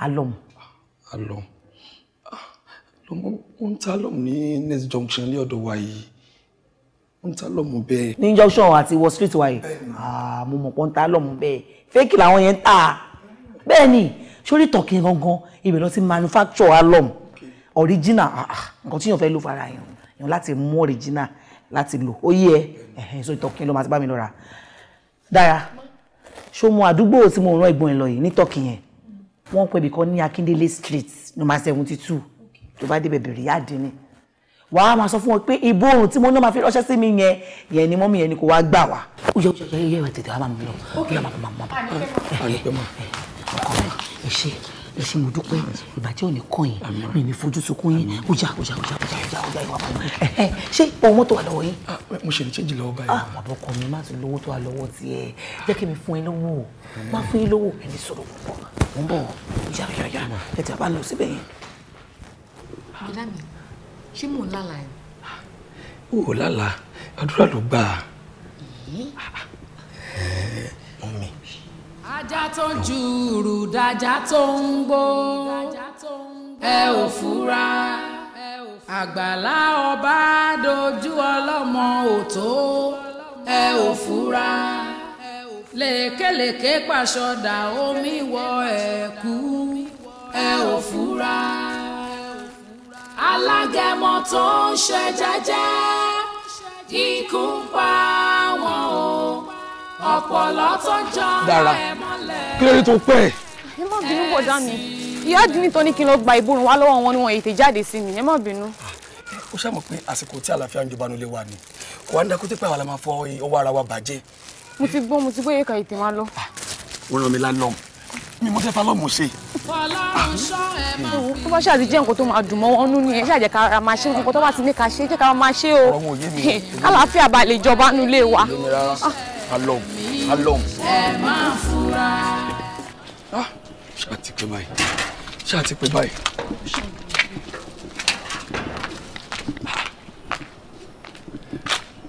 álọ́mù. álọ́mù lọmọ ah, ń ta álọ́mù ní next junction ní ọ̀dọ̀ wa yìí ń ta álọ́mù bẹ́ẹ̀. ní junction àti wall street wa yìí ah, mo mọ̀ pé ń ta álọ́mù bẹ́ẹ̀ fẹ́ẹ̀kì làwọn yẹn ń tà bẹ́ẹ̀ ni sórí ìtọ́kì gangan ibẹ̀ ló ti manufacture álọ́mù original nǹkan tí yóò fẹ́ ló fara yẹn yàn láti mú original láti lò ó yẹ ẹ̀hìn so ìtọ́kí ló máa ti bá mi lọ rà dára ṣó mo àdúgbò tí mo rán ìgbọ̀n ìlọ yìí ní tọ́kì yẹn wọ́n pè mí kan ní Akíndélé street number seventy two tó bá débẹ̀ bèrè yá dín ní wàá máa sọ fún wọn pé ìbò òrùn tí mo náà máa fi ránṣẹ́ sí mi yẹn yẹn ni mọ́mí yẹn ni kò wá gbà wá. ó yẹ ó yẹ ó yẹ tètè wá máa mi lọ ó yẹ máa máa máa ọkọ mi ẹ ṣe ẹ ṣé mo dúpẹ́ ìgbà tí ò ní kàn yín mi ní fojú sunkún yín ó já ó já ó já ó já ó já ó já ìwà fún mi ẹ ṣé ohun mọ́tò wà lọ́wọ́ yín. mo ṣe ní ṣéjì lọ́wọ́ báyìí. ah bàbá ọkọ mi má tún lówó tó wà lọ́wọ́ tiẹ̀ jẹ́ kí mi fún ẹ lówó má fún yín lówó ẹni sọ̀rọ̀ púpọ̀ mo ń bọ̀ ó já ó ẹ ti bá lọ síbẹ̀ yẹn. ìlà mi ṣé mò ń lálàá yẹn. o lálàá àdúrà ló gbà ajá tó ń jùrù dájá tó ń gbó ẹ ò fura àgbàlá ọba dojú ọlọ́mọ òtó ẹ ò fura lèkèlèkè pàṣọdà omi wọ ẹ̀kú ẹ ò fura alágẹmọ tó ń ṣe jẹ́jẹ́ ikú pa wọn o ọ̀pọ̀lọ́ tó ń jọ ẹ̀ mọ́lẹ̀. kí ló dé tó pẹ́. ẹ má bínú bọ̀dá mi ìyá àdínní tó ní kí n lọ gba ìborùn wá lọ́wọ́ wọn ni wọn ètè jáde sí mi ẹ má bínú. Ah, ó ṣàmọ̀ pé àsìkò tí àlàáfíà ń jọba nílé wa ni kò wá ń dakú tí pé àwa la máa fọ ọwọ́ ara wa bàjẹ́. mo ti gbọ́ mo ti gbọ́ èyíkà ètè máa lọ. Ah, ó ràn mí lánàá mi mo fẹ́ fa lọ́mù ṣe. tó bá ṣáà ti jẹ́ nǹkan tó máa dùn mọ́ wọn nú ni ẹ ṣáà jẹ́ ká máa ṣe nǹkan tó bá ti ní ká ṣe jẹ́ ká máa ṣe o kálàáfíà balẹ̀ ìjọba nílé wa along along. ẹ máa fura. Ah, ṣáà ti pé báyìí ṣáà ti pé báyìí.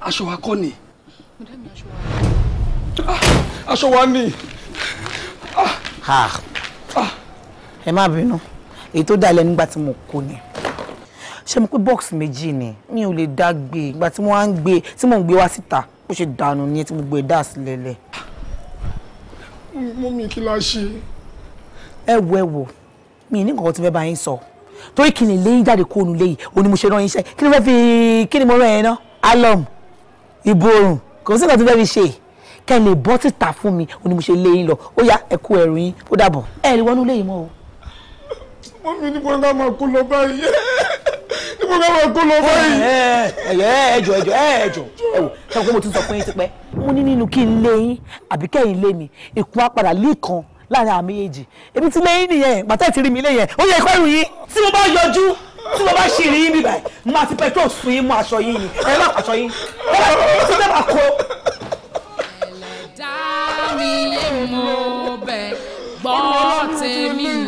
aṣọ wa kọ́ ni. Ah, aṣọ wa ni. Ah. ẹ má bínú èyí tó dá ilẹ̀ nígbà tí mo kó ni ṣé mo pé bọ́ọ̀sì méjì ni mi ò lè dá gbé ìgbà tí mo wá ń gbé tí mò ń gbé wá síta. Si bó ṣe dànù ní tí gbogbo ẹ̀dá sílẹ̀ lẹ̀. mú mi kí la ṣe. ẹ wo ẹ wo mi ní nǹkan tí fẹ́ bá yín sọ torí kí ni lẹ́yìn jáde kó onú lẹ́yìn òní mo ṣe rán yín iṣẹ́ kí ni fẹ́ fi kí ni mo rán yẹn ná alum ìborùn kò sí nǹkan tí fẹ́ fi ṣe kẹ́ ẹ lè bọ́ títà fún mi òní mo ṣe lẹ́yìn lọ ó yá ẹ kú yín ó dàbọ̀ ẹ rí wọnú lẹ́yìn mọ́ o mọ́ mi níbo ká máa kó lọ báyìí níbo ká máa kó lọ báyìí. ẹyọ ẹjọ ẹjọ ẹjọ ẹwò sọ pé mo ti sọ fún yín tipẹ́ mo ní nínú kí n lé yín àbí kẹ́yìn lé mi ìkún apàdà líkan láàrin àmì èjì ebi ti lẹ́yìn nìyẹn bàtà ìtìrí mi lẹ́yìn ó yẹ ìpẹ́rù yín tí mo bá yọjú tí mo bá ṣì rí yín bíbáyìí máa ti pẹ̀trọ̀ sùn yín mú aṣọ yín ni ẹ má pàṣọ yín ẹ má ti kó. ẹlẹ́dàá mi yé mo bẹ̀ gbọ́ tèmi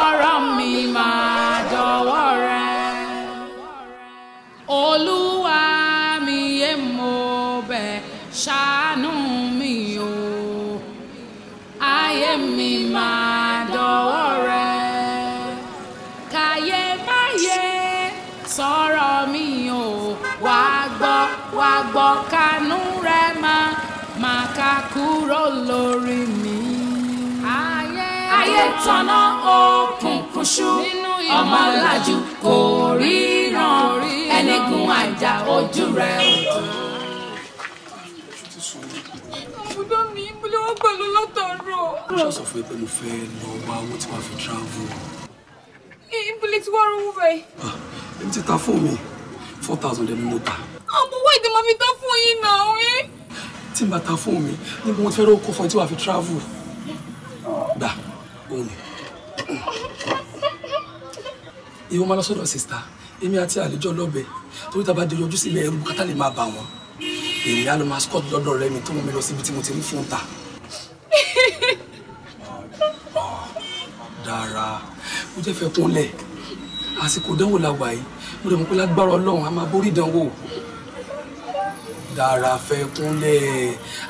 ọ̀rọ̀ mi máa dọ̀wọ́ rẹ. Olúwa mi yé mo bẹ̀ ṣàánú mi o ayé mi máa dọ̀wọ́ rẹ. Kàyémáyé sọ̀rọ̀ mi o wá gbọ́ wá gbọ́ kánú rẹ máa máa kúrò lórí mi ayé tanná òkùnkùn ṣú ọmọlàjú kò ríran ẹnigun àjà ojú rẹ̀ o. bùdó fún ẹ mo fẹ́ lọ wá owó tí wàá fi travel. ìbúlé tí wọ́n rówó bẹ́ẹ̀. Ah, èmi ti ta fóònù mi four thousand ẹni mo ah, ta. àmọ́ wáyé tí mo fi ta fún yín náà ẹ. Eh? tí n bá ta fóònù mi ni mo fẹ́ rọ́ kó fún ẹ tí wàá fi travel. gbà òun ni. ìwọ máa lọ sọ́dọ̀ sista èmi àti àlejò ọlọ́bẹ torí tá a bá di ojú sílẹ̀ ẹrù bùkátà lè máa bà wọ́n èmi á lọ máa scott lọ́dọ̀ rẹ mi tó mú mi lọ síbi tí mo ti rí fún ta. dára mo jẹ́ fẹ́ kúnlẹ̀ àsìkò ìdánwò la wà yìí mo dẹ̀ mọ̀ pé lágbára ọlọ́run a máa borí ìdánwò dára fẹ́ kúnlẹ̀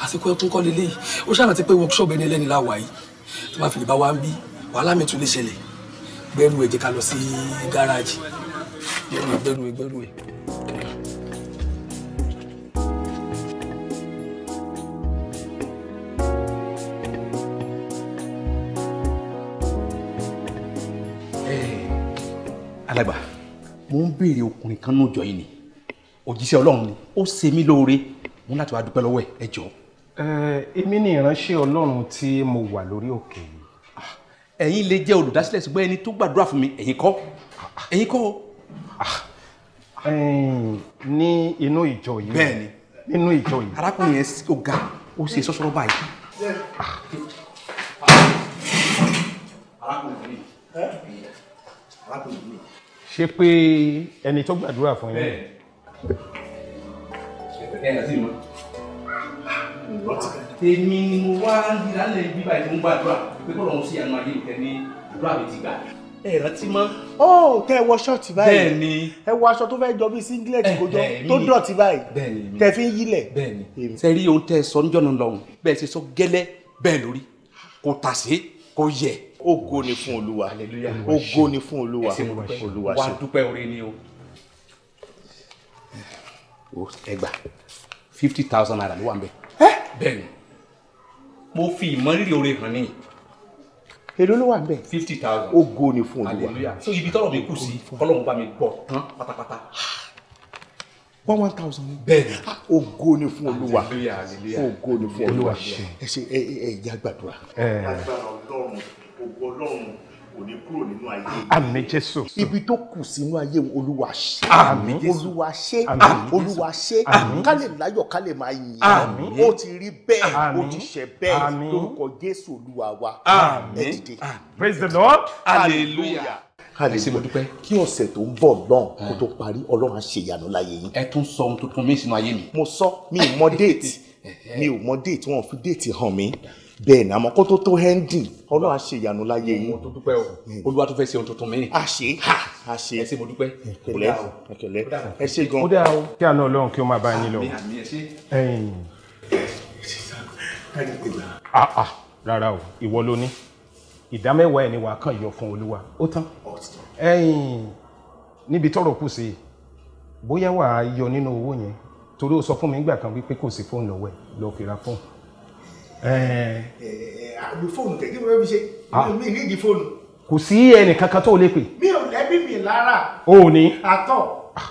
àsìkò ẹkún kọ́ lélẹ́yìí ó ṣàlàyé pé workshop ẹni ẹlẹ́ni la wà yìí tó bá fi lè bá wa ń bí wàhálà mi tún lè ṣẹlẹ̀ gbẹ́rù ẹ̀ jẹ́ ká lọ sí gáràjì gbẹ́rù ẹ̀ gbẹ́rù ẹ̀ gbẹ́rù ẹ̀. alàgbà mo ń béèrè ọkùnrin kan náà jọ yìí ni òjíṣẹ́ ọlọ́run ni ó ṣe mí lóore mo ń láti wá dúpẹ́ lọ́wọ́ ẹ̀ ẹ jọ̀ọ́ èmi ni ìránṣẹ́ ọlọ́run tí mo wà lórí òkè yìí. Ah, ẹ̀yin lè jẹ́ olùdásílẹ̀ ṣùgbọ́n ẹni tó gbàdúrà fún mi ẹ̀yin kọ́ ẹ̀yin kọ́ o. Ah, ní inú ìjọ yìí. bẹ́ẹ̀ni nínú ìjọ yìí. arákùnrin yẹn ó ga ó ṣe sọ́sọ́rọ́ báyìí. Ah. arákùnrin yìí arákùnrin yìí. ṣé pé ẹni tó gbàdúrà fún yín. bẹ́ẹ̀ ẹ ẹ ti mọ tèmi ni mo wá yíra lẹ bí báyìí mo ń gbàdúrà pé kọ́ lọ́hún sí àánú ayé ìtẹ́ ní àdúrà mi ti gbà ẹ rántí mọ́. ó tẹ ẹ wọ ṣọ́ọ̀tì báyìí bẹ́ẹ̀ ni ẹ wọ aṣọ tó fẹ́ẹ́ jọ bíi singlet kójọ tó dọ̀tí báyìí bẹ́ẹ̀ ni tẹ fi ń yílẹ̀. bẹ́ẹ̀ ni ṣe rí ohun tẹ sọ níjọ́ náà lọ́hùn bẹ́ẹ̀ ṣe sọ gẹ́lẹ́ bẹ́ẹ̀ lórí kò tà sí kò yẹ. ògo ni fún olúwa ògo ni fún olúwa olúwa ṣe. wàá dúpẹ́ oore ni o. ẹ fifty thousand naira ló wà nbẹ. bẹ́ẹ̀ ni mo fi ìmọ̀rírì oore hàn ní. èló ló wà nbẹ. fifty thousand. ògo ni fún olúwa. so ibi tọrọ mi kù sí kọlọ́mù bá mi gbọ́ tán pátápátá one one thousand. bẹ́ẹ̀ni ah, ògo ni fún olúwa ògo ni fún olúwa ẹ ṣe ẹ ẹ ẹ jẹ́ àgbàdua. ẹ ẹ agbára ọlọ́run ògo ọlọ́run kò kúrò nínú ayé yìí. jésù. ibi tó kù sínú ayé olúwa ṣe. àmín jésù olúwa ṣe. olúwa ṣe. ká lè láyọ̀ ká lè máa yìn. àmín ó ti rí bẹ́ẹ̀ ó ti ṣe bẹ́ẹ̀ lórúkọ jésù olúwa wa. àmín ẹ ah, praise the lord. hallelujah hallelujah mo dúpẹ́. kí ọ̀sẹ̀ tó ń bọ̀ náà ah. kó tó parí ọlọ́run á ṣe láyé yín. ẹ tún sọ ohun tuntun mi sínú ayé mi. mo sọ mi ò mọ déètì mi ò mọ déètì wọn ò fi déètì hàn mí bẹ́ẹ̀ ni àmọ́ kó tó tó hẹ́ndìn ọlọ́run á ṣe ìyanu láyé yín. mo tó dúpẹ́ o hmm. olúwa tó fẹ́ ṣe ohun tuntun mi. a ṣe a ṣe ẹ ṣe mo dúpẹ́. ẹkẹlẹ ẹkẹlẹ ẹ ṣe gan. ó dáa o kí àná ọlọ́run kí ó máa bá yín lọ. ẹyìn. àà ah, ah. rárá o ìwọ ló ní ìdá mẹ́wàá ẹ̀ ni wàá kàn yọ fún olúwa ó tán. ẹyìn níbi tọ́rọ̀ kù sí bóyá wàá yọ nínú owó yẹn torí ó sọ fún mi nígbà kan wípé kò sí fóònù lọ́wọ́ ẹ̀ lọ́ọ́ fi ra fóònù Eh, eh, eh, àmì fóònù tẹ̀ kí wọ́n fi ṣe ah. mi ní ìdí fóònù. kò sí ẹnì kankan tó lè pè. mi ò lẹ́bí mi lára. o ò ní. àtọ̀ ah.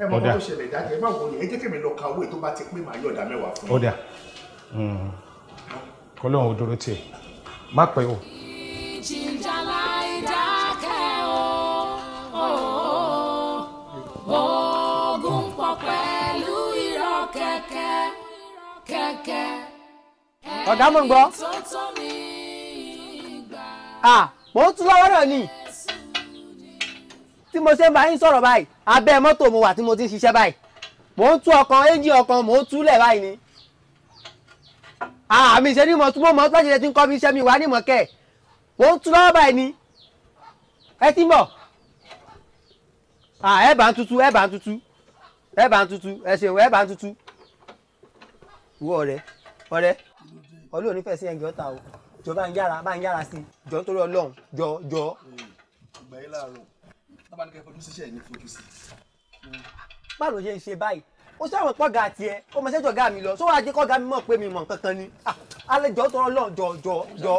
ẹ mọ bó ṣẹlẹ̀ dájú ẹ má wọlé ẹ jẹ́ kí mi lọ ka owó tó bá ti pín màá yọ̀dá mẹ́wàá fún mi. ọ̀dà hmm. kọ́lọ́hún dúró tiẹ̀ má pẹ́ o. ìjìjà ọ̀gá mọ̀ ń gbọ́. mò ń tún lọ́wọ́ náà ni tí mo ṣe ń bá yín sọ̀rọ̀ báyìí abẹ́ mọ́tò mo wà tí mo ti ń ṣiṣẹ́ báyìí mò ń tú ọkàn éjì ọkàn mò ń túlẹ̀ báyìí ni. àmì ìṣe ni mo tún mọ́ mọ́ tọ́jú ti ń kọ́ mi iṣẹ́ mi wà ní mọ̀kẹ́ mò ń tú lọ́wọ́ báyìí ni ẹ ti mọ̀ ẹ bá ń tutù ẹ bá ń tutù ẹ bá ń tutù ẹ ṣeun ẹ bá ń tutù wú ọ̀rẹ́ ọ̀rẹ́ ọlọ́run nífẹ̀ẹ́ sí ẹ̀ǹgẹ́ ọ̀tá o jọ bá ń yára bá ń yára sí jọ nítorí ọlọ́run jọ jọ. ìgbà yìí láàárọ̀ tábà ní kẹ́ fojú síṣẹ́ ẹ̀ ní fojú sí. báwo ló ṣe ń ṣe báyìí ó sọ̀rọ̀ pọ̀ ga tiẹ̀ ó mọ̀ sẹ́jọ̀ ga mi lọ sọ́wọ́ ajé kọ́ ga mi mọ̀ pé mi mọ̀ kankan ni ah, alẹ́ jọ tọrọ lọ́n jọ jọ jọ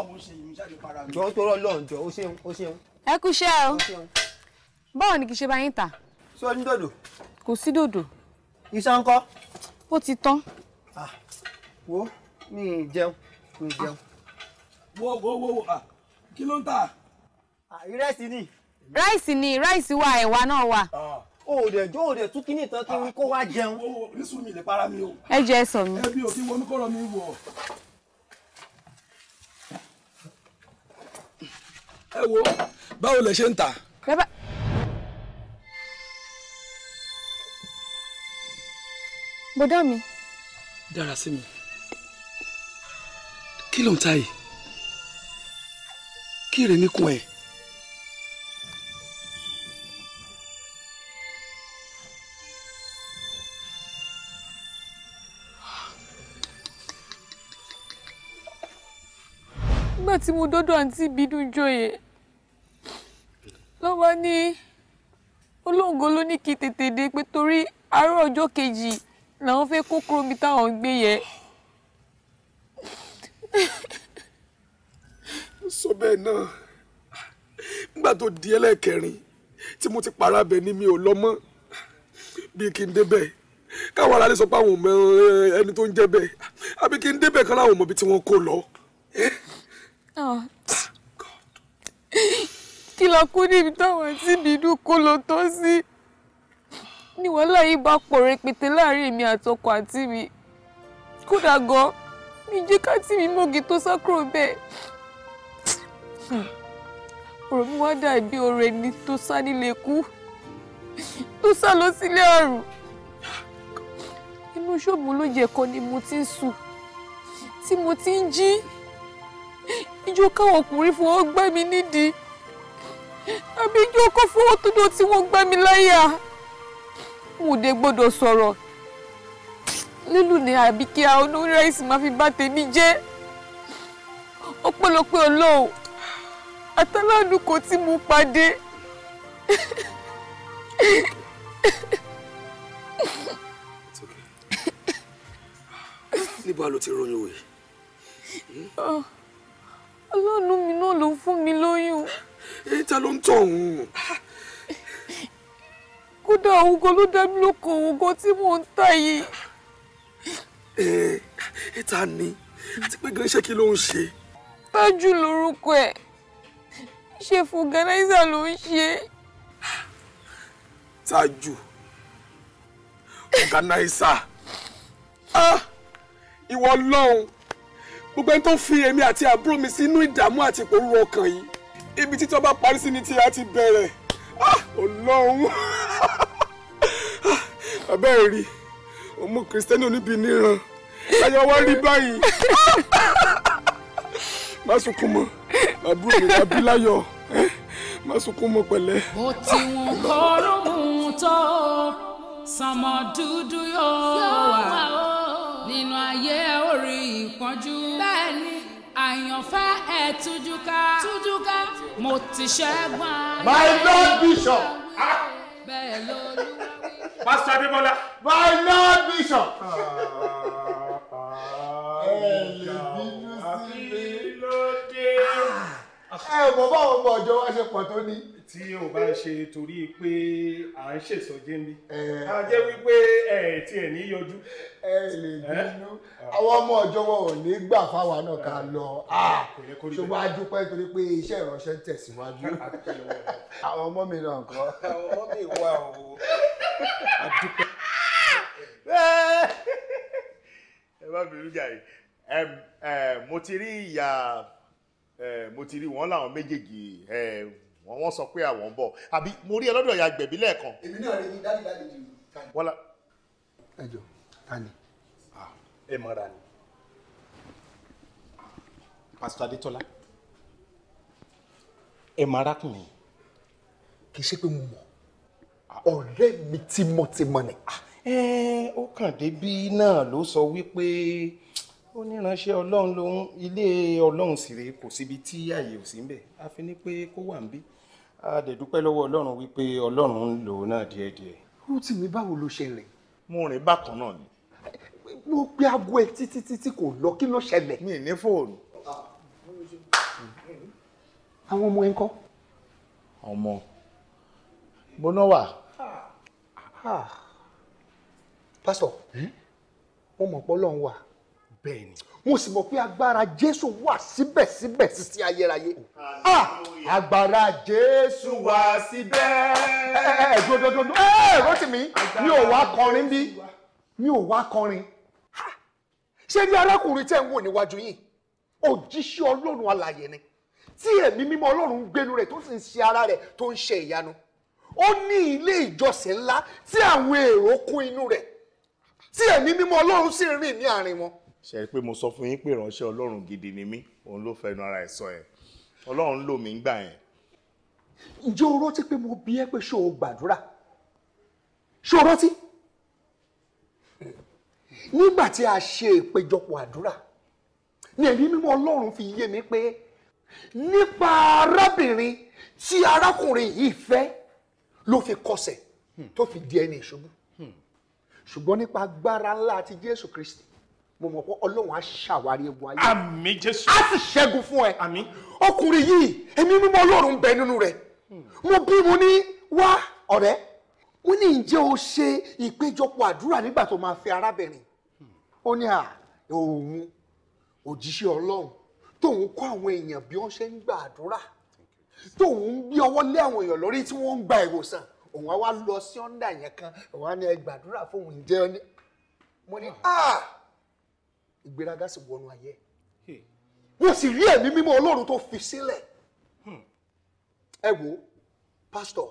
jọ tọrọ lọ́n jọ ó ṣeun ó ṣeun. ẹ kú iṣẹ́ o báwo ni kì í ṣe bá yín tà. ṣé o ní dòdò. kò sí dòdò. iṣan ń ó ti tán. Ah, wo mi ì jẹun mi ì jẹun. wo wo wo wo ah, kí ló ń tà. Ah, ìrẹsì ni. ráìsì ni ráìsì wa ẹ̀wà náà wà. Ah. òòdè jó òòdè tún kí ní ìtàn kí n kó wá jẹun. orísun mi lè para mi o. ẹ jẹ ẹ sọ mi. ẹbí ò kí wọnú kọ́rọ̀ mi wọ̀. ẹ wo báwo lẹ ṣe ń tà. bẹ́ẹ̀ mi. dára sí mi kí ló ń ta yìí kí rè níkùn ẹ. nígbà tí mo dọ́dọ̀ àǹtí bídùn joyè lọ́wọ́ ní olóńgó ló ní kí tètè dé pé torí àárọ̀ ọjọ́ kejì làwọn fẹ́ kó kúrò mi táwọn ń gbé yẹn ó sọ bẹ́ẹ̀ náà nígbà tó di ẹlẹ́ẹ̀kẹrin tí mo ti para bẹ̀ ni mi ò lọ mọ́ bíi kí n débẹ̀ káwọn aráàlú sọ pé àwọn ọmọ eh, ẹni tó ń jẹ́ bẹ́ẹ̀ àbí kí n débẹ̀ kan láwọn ọmọ ibi tí wọ́n kó lọ. Ah. kí lọ kú níbi táwọn tíbi inú kó lọ tó sí ni wàhálà yìí bá pọ̀ rẹpẹtẹ láàrin èmi àtọkọ àti mi kódà gan-an mi jẹ́ ká tí mi mọ́gi tó sákúrò bẹ́ẹ̀. ọ̀rọ̀ mi wá dàbí ọ̀rọ̀ ẹni tó sá nílé kú tó sá lọ sílé àrùn. inú ṣọ́ọ̀bù ló yẹ kan ni mo ti ń sùn tí mo ti ń jí ìjọ káwọn ọkùnrin fọwọ́ gbá mi nídìí àbí ìjọ kọ́ fọwọ́ tó dọ̀ tí gbá mi láyà mo dé gbọ́dọ̀ sọ̀rọ̀ lílù ní àbíkíá onírẹ́sì máa fi bá tèmi jẹ́ ọpẹ́lọpẹ́ Ọlọ́run àtàlánùkọ tí mo pàdé níbo ló ti ròyìn òye. Ah, ọlọ́run mi náà ló fún mi lóyún. èyí ta ló ń tọ̀ ọ̀hún. kódà òun gan ló dá mi lóko òun gan tí mò ń tà yìí ẹ eh, ta ni àti pé gan iṣẹ́ kí ló ń ṣe. tájú lorúkọ ẹ ṣe fọgànáìsà ló ń ṣe. tájú fọgànáìsà ah, ìwọ ọlọ́run gbogbo ẹni tó fi èmi àti àbúrò mi sínú ìdààmú àti ìpòrúru ọkàn yìí ibi títọ́ bá parí sí ni tí a ti bẹ̀rẹ̀ ah, ọlọ́run abẹ́rẹ́ ah, rí i ọmọ kìrìsìtẹ́nì oníbi níran ẹ̀yà wá rí báyìí má sunkún mọ́ àbúrò mi àbí láyọ̀ má sunkún mọ́ pẹ̀lẹ́. ó ti wọn kọ́rọ́ mú un tó sànmọ́ dúdú yóò wà nínú ayé orí ìpọ́njú àyànfẹ́ ẹ̀ tújúká tújúká mo ti ṣẹ́gun ayé. my lord bishop. bẹ́ẹ̀ lórí. Pastor Adébọ́lá. My Lord Bishop. Ẹ ah, lè ah, ah, eh, bínú sí mi. Kí ló dé? ẹ mọ̀ báwọn ọmọ ọjọ́ wa ṣe pọ̀ tó ní. tí o bá ń ṣe torí pé à ń ṣèṣọjẹ mi a jẹ́ wípé ẹ ti ní yọjú. ẹ lè bínú àwọn ọmọ ọjọ́ wọn ò ní gbà fáwa náà ká lọ ṣùgbọ́n a dúpẹ́ torí pé iṣẹ́ ìránṣẹ́ ń tẹ̀síwájú. àwọn ọmọ mi náà kọ́. àwọn ọmọ mi wà o. a dúpẹ́. ẹ má bínú jàre mo ti rí ìyá. Eh, mo ti rí wọn láwọn méjèèjì eh, wọn wọn sọ pé àwọn ń bọ̀ àbí mo rí ẹ lọ́dọ̀ ìyá gbẹ̀bí lẹ́ẹ̀kan. èmi náà rí i dájú dájú jù. wọ́n la. ẹ jọ ta ni. ẹ mọ̀ra ni. pásítọ̀ adétọ́lá ẹ mọ arákùnrin kì í ṣe pé mo mọ̀ ọ̀rẹ́ mi tímọ́tímọ́ ni. ó kàn débi náà ló sọ wípé ó ní ìránṣẹ́ ọlọ́run lòun ilé ọlọ́run sì rèé kò síbi tí àyè ò sí ń bẹ̀ a fi ní pé kó wà ń bí a dẹ̀ dúpẹ́ lọ́wọ́ ọlọ́run wípé ọlọ́run ń lò náà díẹ̀díẹ̀. ó ti wí báwo ló ṣẹlẹ̀. mo rìn bákan náà ni. mo pe aago ẹ títí títí kò lọ kí ló ṣẹlẹ̀. mi ní fóònù. àwọn ọmọ ẹ ń kọ́. ọmọ gbóná wà. Ah, ah. pásítọ̀ wọ́n hm? mọ̀ pé ọlọ́run wà bẹ́ẹ̀ ni. mo sì mọ̀ pé agbára jésù wà síbẹ̀síbẹ̀ títí ayérayé. Ah! agbára jésù wà síbẹ̀. ẹ ẹ dododo ẹ Rótìmí mi ò wá kọrin bí mi ò wá kọrin. ṣé ní arákùnrin tẹ́ ń wò níwájú yìí òjíṣẹ́ ọlọ́run alààyè ni tí ẹ̀mí mímọ́ ọlọ́run ń gbénu rẹ̀ tó sì ń ṣe ara rẹ̀ tó ń ṣe ìyanu ó ní ilé ìjọsìn ńlá tí àwọn èrò kún inú rẹ̀ tí ẹ̀mí mímọ́ ọlọ́run sì rìn ní àárín wọn ṣe é pé mo sọ fún yín pé ìránṣẹ́ ọlọ́run gidi ni mí òun ló fẹnu ara ẹ̀ sọ ẹ̀ ọlọ́run lò mí gbà yẹn. ǹjẹ́ o rántí pé mo bi ẹ́ pé ṣé o gbàdúrà ṣé o rántí nígbà tí a ṣe ìpéjọpọ̀ àdúrà ni ẹ̀mí mímọ́ ọlọ́run fi yé mi pé nípa arábìnrin tí arákùnrin yìí fẹ́ ló fi kọsẹ̀ tó fi di ẹni ìṣubú hmm. ṣùgbọ́n nípa agbára ńlá ti jésù kristi mo mọ̀ pé ọlọ́run á ṣàwárí ewu ayé. àmín jésù. á sì ṣẹ́gun fún ẹ. àmín. ọkùnrin yìí ẹ̀mí mímọ́ ọlọ́run bẹ nínú rẹ̀. mo bí mo ní wá ọ̀rẹ́ mo ní ǹjẹ́ o ṣe ìpéjọpọ̀ àdúrà nígbà tó máa fẹ́ arábìnrin. ó ní à òun òjíṣẹ́ ọlọ́run tóun kọ́ àwọn èèyàn bí wọ́n ṣe ń gba àdúrà tóun gbé ọwọ́ lé àwọn èèyàn lórí tí wọ́n ń gba ìwòsàn òun á wá lọ sí ọ̀ndà yẹn kan òun á ní ẹ gbàdúrà fóun jẹ́ ọ ní. mo ní ah ìgbéraga sì wọnú ayé wọ́n sì rí ẹ̀mí mímọ́ ọlọ́run tó fi sílẹ̀ hmm. ẹ wo pásítọ̀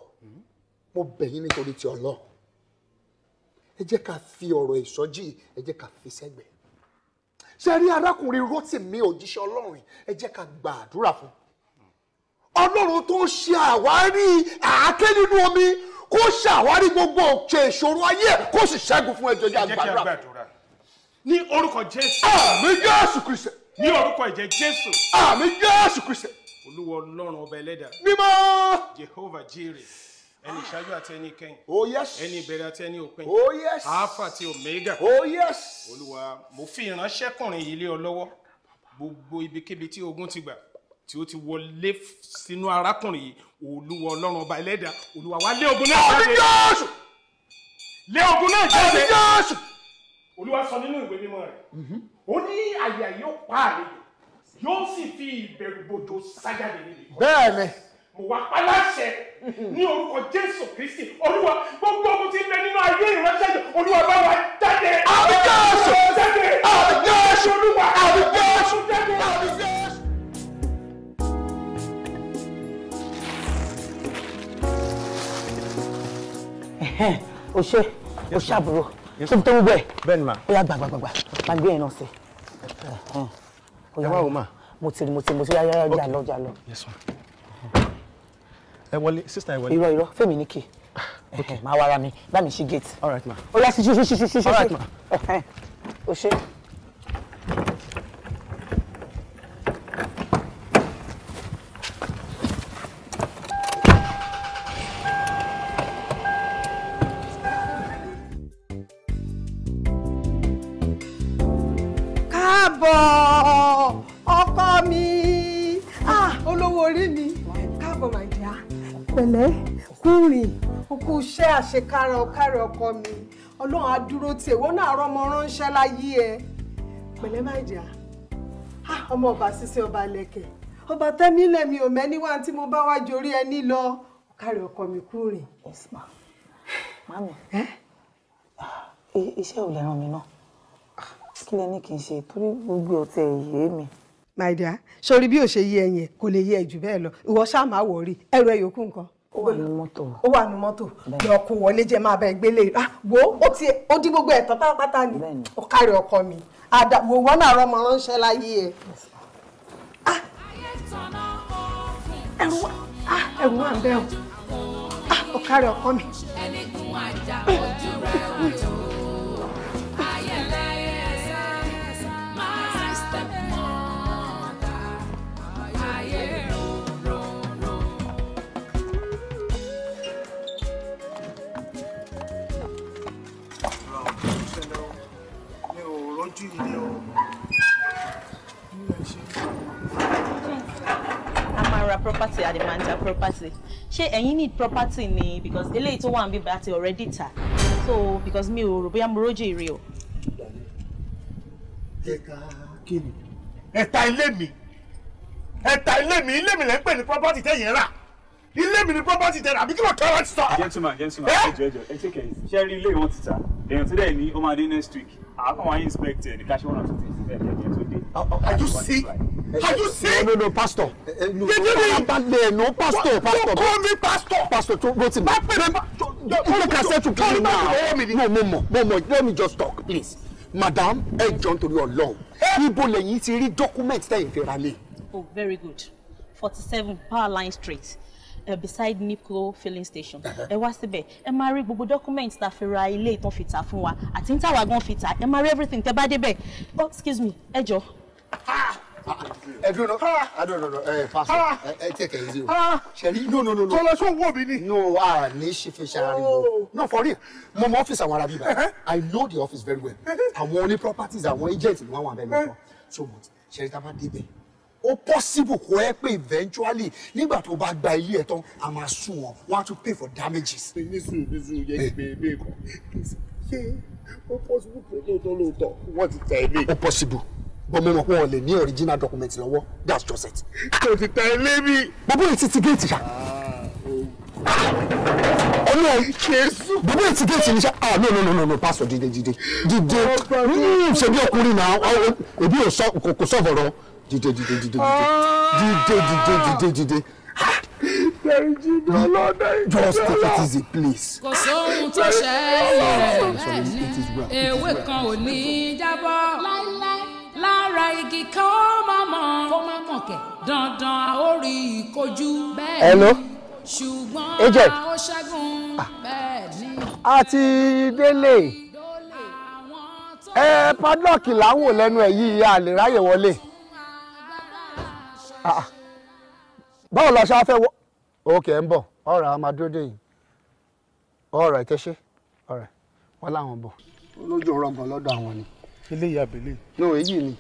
mo bẹ̀ yín nítorí ti ọlọ́run ẹ jẹ́ ká fi ọ̀rọ̀ ìsọjí ẹ jẹ́ ká fi sẹ́gbẹ̀ẹ́ ṣe rí arákùnrin Rótìmí òjíṣẹ́ ọlọ́run ẹ jẹ́ ká gba àdúrà fún ọlọ́run tó ṣe àwárí àáké nínú omi kó ṣàwárí gbogbo òkè ìṣòro ayé kó sì ṣẹ́gun fún ẹjọ́ jẹ́ ní orúkọ jésù. àmì jésù kristu. ní orúkọ ẹ̀jẹ̀ jésù. àmì jésù kristu. olúwa ọlọ́run ọba ẹlẹ́dàá. mímọ́. jehovah jireh ẹni ìṣáájú àti ẹni ìkẹyìn. oh yes. ẹni ìbẹ̀rẹ̀ àti ẹni òpin. oh yes. alpha àti omega. oh yes. olúwa mo fi ìránṣẹ́kùnrin yìí lé ọ lọ́wọ́ gbogbo ibikíbi tí ogun ti gbà tí ó ti wọlé sínú arákùnrin yìí olúwa ọlọ́run ọba ẹlẹ́dàá olúwa wa lé ogun náà jáde. àmì jésù. lé ogun náà jáde. àmì jésù olúwa sọ nínú ìwé mímọ́ rẹ̀ mhm. ó ní àyà yóò pa àlejò yóò sì fi ìbẹ̀rù bòjò sájáde níbi kan. bẹ́ẹ̀ni. mo wá paláṣẹ mhm. ní orúkọ jésù kristi olúwa gbogbo ogun tí ń bẹ nínú ayé ìránṣẹ́ yìí olúwa bá wa jáde. àbí jésù àbí jésù olúwa àbí jésù àbí jésù. o ṣe o ṣàbúrò tó fi tó gbogbo ẹ̀ bẹ́ẹ̀ ni mà ó yà gbàgbàgbà má gbé yẹn náà sí. ẹ wá o mà. mo ti rí mo ti rí mo ti rí ayára jà lọ jà lọ. ẹ wọlé sísá ẹ wọlé. irọ́ irọ́ fẹ́mi ní ah, kì máa wá ara mi bá mi ṣí gate. ó yà sí ṣí ṣàṣekára ọ̀kárẹ̀ ọkọ mi ọlọ́run á ti tì èwo náà rọmọ ránṣẹ́ láyé ẹ pẹ̀lẹ́ má jà ọmọ ọba sísẹ ọba lẹ̀kẹ̀ ọba tẹ́mílẹ̀ mi ò mẹ́ni tí mo bá wá jorí lọ ọkọ mi kú rìn. mami ah, iṣẹ́ ò lè ràn mí náà kí lẹ ní kí n ṣe torí gbogbo kò lè yí ẹ jù bẹ́ẹ̀ lọ ìwọ ṣáà má wọrí ẹrù ẹ yòókù nǹkan. ó wà nínú mọ́tò ó wà nínú mọ́tò lọ kó wọlé jẹ́ máa bẹ́ẹ̀ gbélé ah wo ó ti ó dín gbogbo ẹ̀ tán pátápátá ni ó kárí ọkọ mi àdàwò wọn náà rọmọ ránṣẹ́ láyé ẹ̀ ah ẹ̀rù wà ah bẹ́ẹ̀ o ah ó kárí ọkọ mi. ojú ilé o nílẹ̀ a máa ra property a dẹ̀ property ṣé ẹ̀yin need property ni because eléyìí tó wà ń bíbá ti already ta so because mi ò rò bóyá mo rójú ire o. ẹ̀ka kíni ẹ̀ta ilé mi ẹ̀ta ilé mi ilé mi lẹ́ ń pè ní property tẹ̀yìn rà ilé mi ni property tẹ̀lé àbí kí ló kẹ́rọ̀ ti sọ. gentleman gentleman ẹ jẹ́ ẹ jẹ́ ẹ ṣe kẹ́yìn ṣẹ́ẹ́rì ilé wọn ti ta èèyàn tó dẹ̀ ní ó next week come àwọn inspect the cash one of two things oh, oh, are you sick are you sick. no no no, pastor. Eh, eh, no balẹ̀ no pastor pastor. no call me pastor. pastor tó bó ti mọ̀. má pè mí. kọ́ni kàṣẹ́tù kí ni no, no. mọ̀ mo mọ̀ let me just talk please madam ẹ jọ nítorí your law. People ti rí documents tẹ̀yìn fi ra oh very good forty seven power line street uh, beside nipro filling station uh-huh. ẹ wá síbẹ̀ ẹ máa rí gbogbo document tá a fi ra ilé ìtàn fi tà fún wa àti ń tàwa gan fi tà ẹ máa rí everything tẹ bá débẹ̀ oh excuse me ẹ jọ. Ah! ẹ dúró náà ah! ah, eh, ẹ dúró náà ẹ fàṣọ ẹ tí ẹ kẹ o ṣẹlí no no no no tọ́lá sọ wọ́ mi ni. no a ní ṣe fi ṣe ara rí o oh! no for real mo mọ ọ́fíìsì àwọn arábí báyìí uh-huh. i know the office very well uh-huh. àwọn oní properties àwọn agents ni wọ́n wà bẹ́ẹ̀ lọ́kọ̀ so much ṣẹlí tá a bá débẹ̀ ó possible kó ẹ pé eventually nígbà tó bá gba ilé ẹ tán a máa sún wọn wọn á tún pay for damages. nísìnyí nísìnyí yẹ kí bèbè kan ṣe ó possible pé lóòótọ́ lóòótọ́ wọ́n ti tẹ̀ mí. ó possible bọ́ mẹ́mọ̀ pé wọ́n lè ní original document lọ́wọ́ that's just it. kò ti tẹ̀ lé mi. bàbá yìí ti ti géètì ṣá. ọ̀nà ah, jésù. bàbá yìí ti géètì ní ṣá ah no no no no no pastor dìde dìde dìde mm, ṣèbí ọkùnrin náà ẹbí kò sọ̀rọ̀ dìde dìde dìde dìde dìde dìde dìde. Just take it easy, please. Kò sóhun tó ṣe é rẹ̀. Ewé kan ò ní jábọ́. Lára igi kan ó máa mọ̀. Kó máa mọ̀ kẹ̀. Dandan a ó rí ìkojú. Hello. Ṣùgbọ́n a ó ṣẹ́gun. Ah. Bẹ́ẹ̀ ni. A ti délé. Ẹ padlọ́ọ̀kì là ń wò yìí, a ráyè wọlé. Ah, báwo la ṣáá fẹ́ wọ. òkè ń bọ̀ ọ̀rọ̀ a máa dúró dé yìí ọ̀rọ̀ ìtẹ́ṣẹ́ ọ̀rọ̀ wọn làwọn bọ̀. olójú ọ̀rọ̀ gan àwọn ni. ilé ìyá abẹ́lé. no èyí ni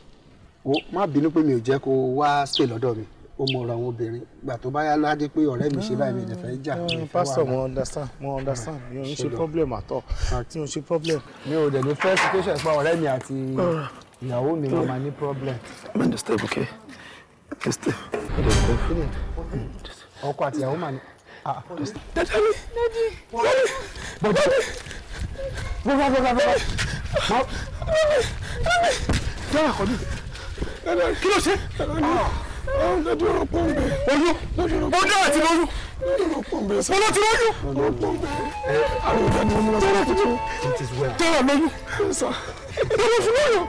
o má bínú pé mi ò jẹ́ kó o wá stay lọ́dọ̀ mi ó mọ ọ̀rọ̀ àwọn obìnrin gbà tó bá yá ládé pé ọ̀rẹ́ mi ṣe báyìí mi lè fẹ́ jà. pásítọ̀ mo understand mo understand mi ò ń ṣe problem àtọ̀ tí mo ṣe problem. mi ò dẹ̀ ní first situation pa ọ̀rẹ́ mi àti ah. ìyàwó mi mo máa ní problem. i'm in the stable care. Okay? ọkọ àti ìyàwó mà ní. dadi dadi bọ̀dọ̀ bọ̀dọ̀ bọ̀dọ̀ bọ̀dọ̀ dára kọ́ ní. kí ló ṣe. dadi ọ̀rọ̀ pọ̀ ń bẹ. oyún oyún àti lóyún. Bọ́lá ti lóyún. Tọ́lá ti lóyún. Tọ́lá lóyún. Bọ́lá ti lóyún.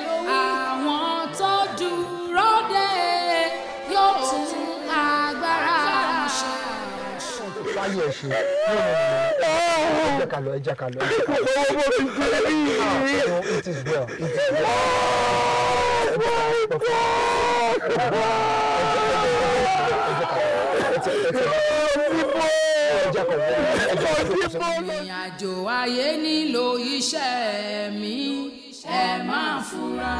ráyè ẹ̀ ṣe ẹ jẹ́ ká jẹ́ ká lọ. owó mo it is well it is well. ìrìn ayé nílò iṣẹ́ mi ẹ máa fura.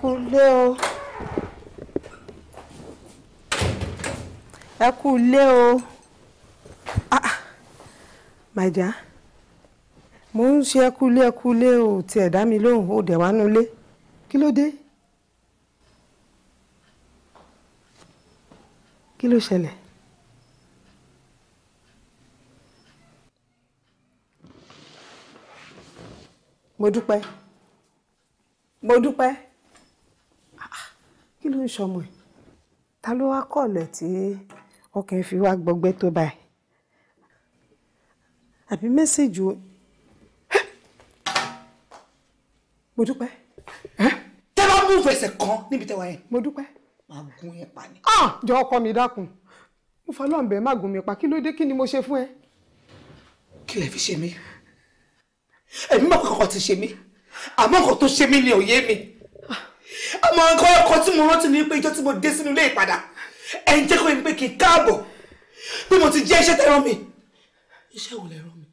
kú o ẹ o ah, ah my dear mo ń ṣe ẹ kú o tiẹ̀ dá mi lóhùn ó dẹ̀ wá nulẹ̀ kí ló dé kí ló ṣẹlẹ̀. mo dúpẹ́ mo dúpẹ́ kí ló ń ṣọmọ ẹ̀ ta ló wá kọ̀lẹ̀ tí ọkàn fi wá gbọgbẹ́ tó báyìí àbí mẹ́sẹ̀jì o mo dúpẹ́. tẹ́ bá mú fẹsẹ̀ kan níbi tẹ́wà yẹn. mo dúpẹ́. máa gún yẹn pa ni. Ah! jọ ọkọ mi dákun mo fọlọ́ọ̀bẹ má gún mi pa kí ló dé kí ni mo ṣe fún ẹ. kí lè fi ṣe mí ẹ̀mí mọ̀ ti ṣe mí àmọ́ tó ṣe mí ni òye mi àmọ́ nǹkan ọkọ̀ tí mo rántí ní pé ìjọ tí mo dé sínú ilé ìpadà ẹ̀ ń jẹ́ kó mi pé kì í káàbọ̀ bí mo ti jẹ́ iṣẹ́ tẹ́ rán mi iṣẹ́ wo lẹ rán mi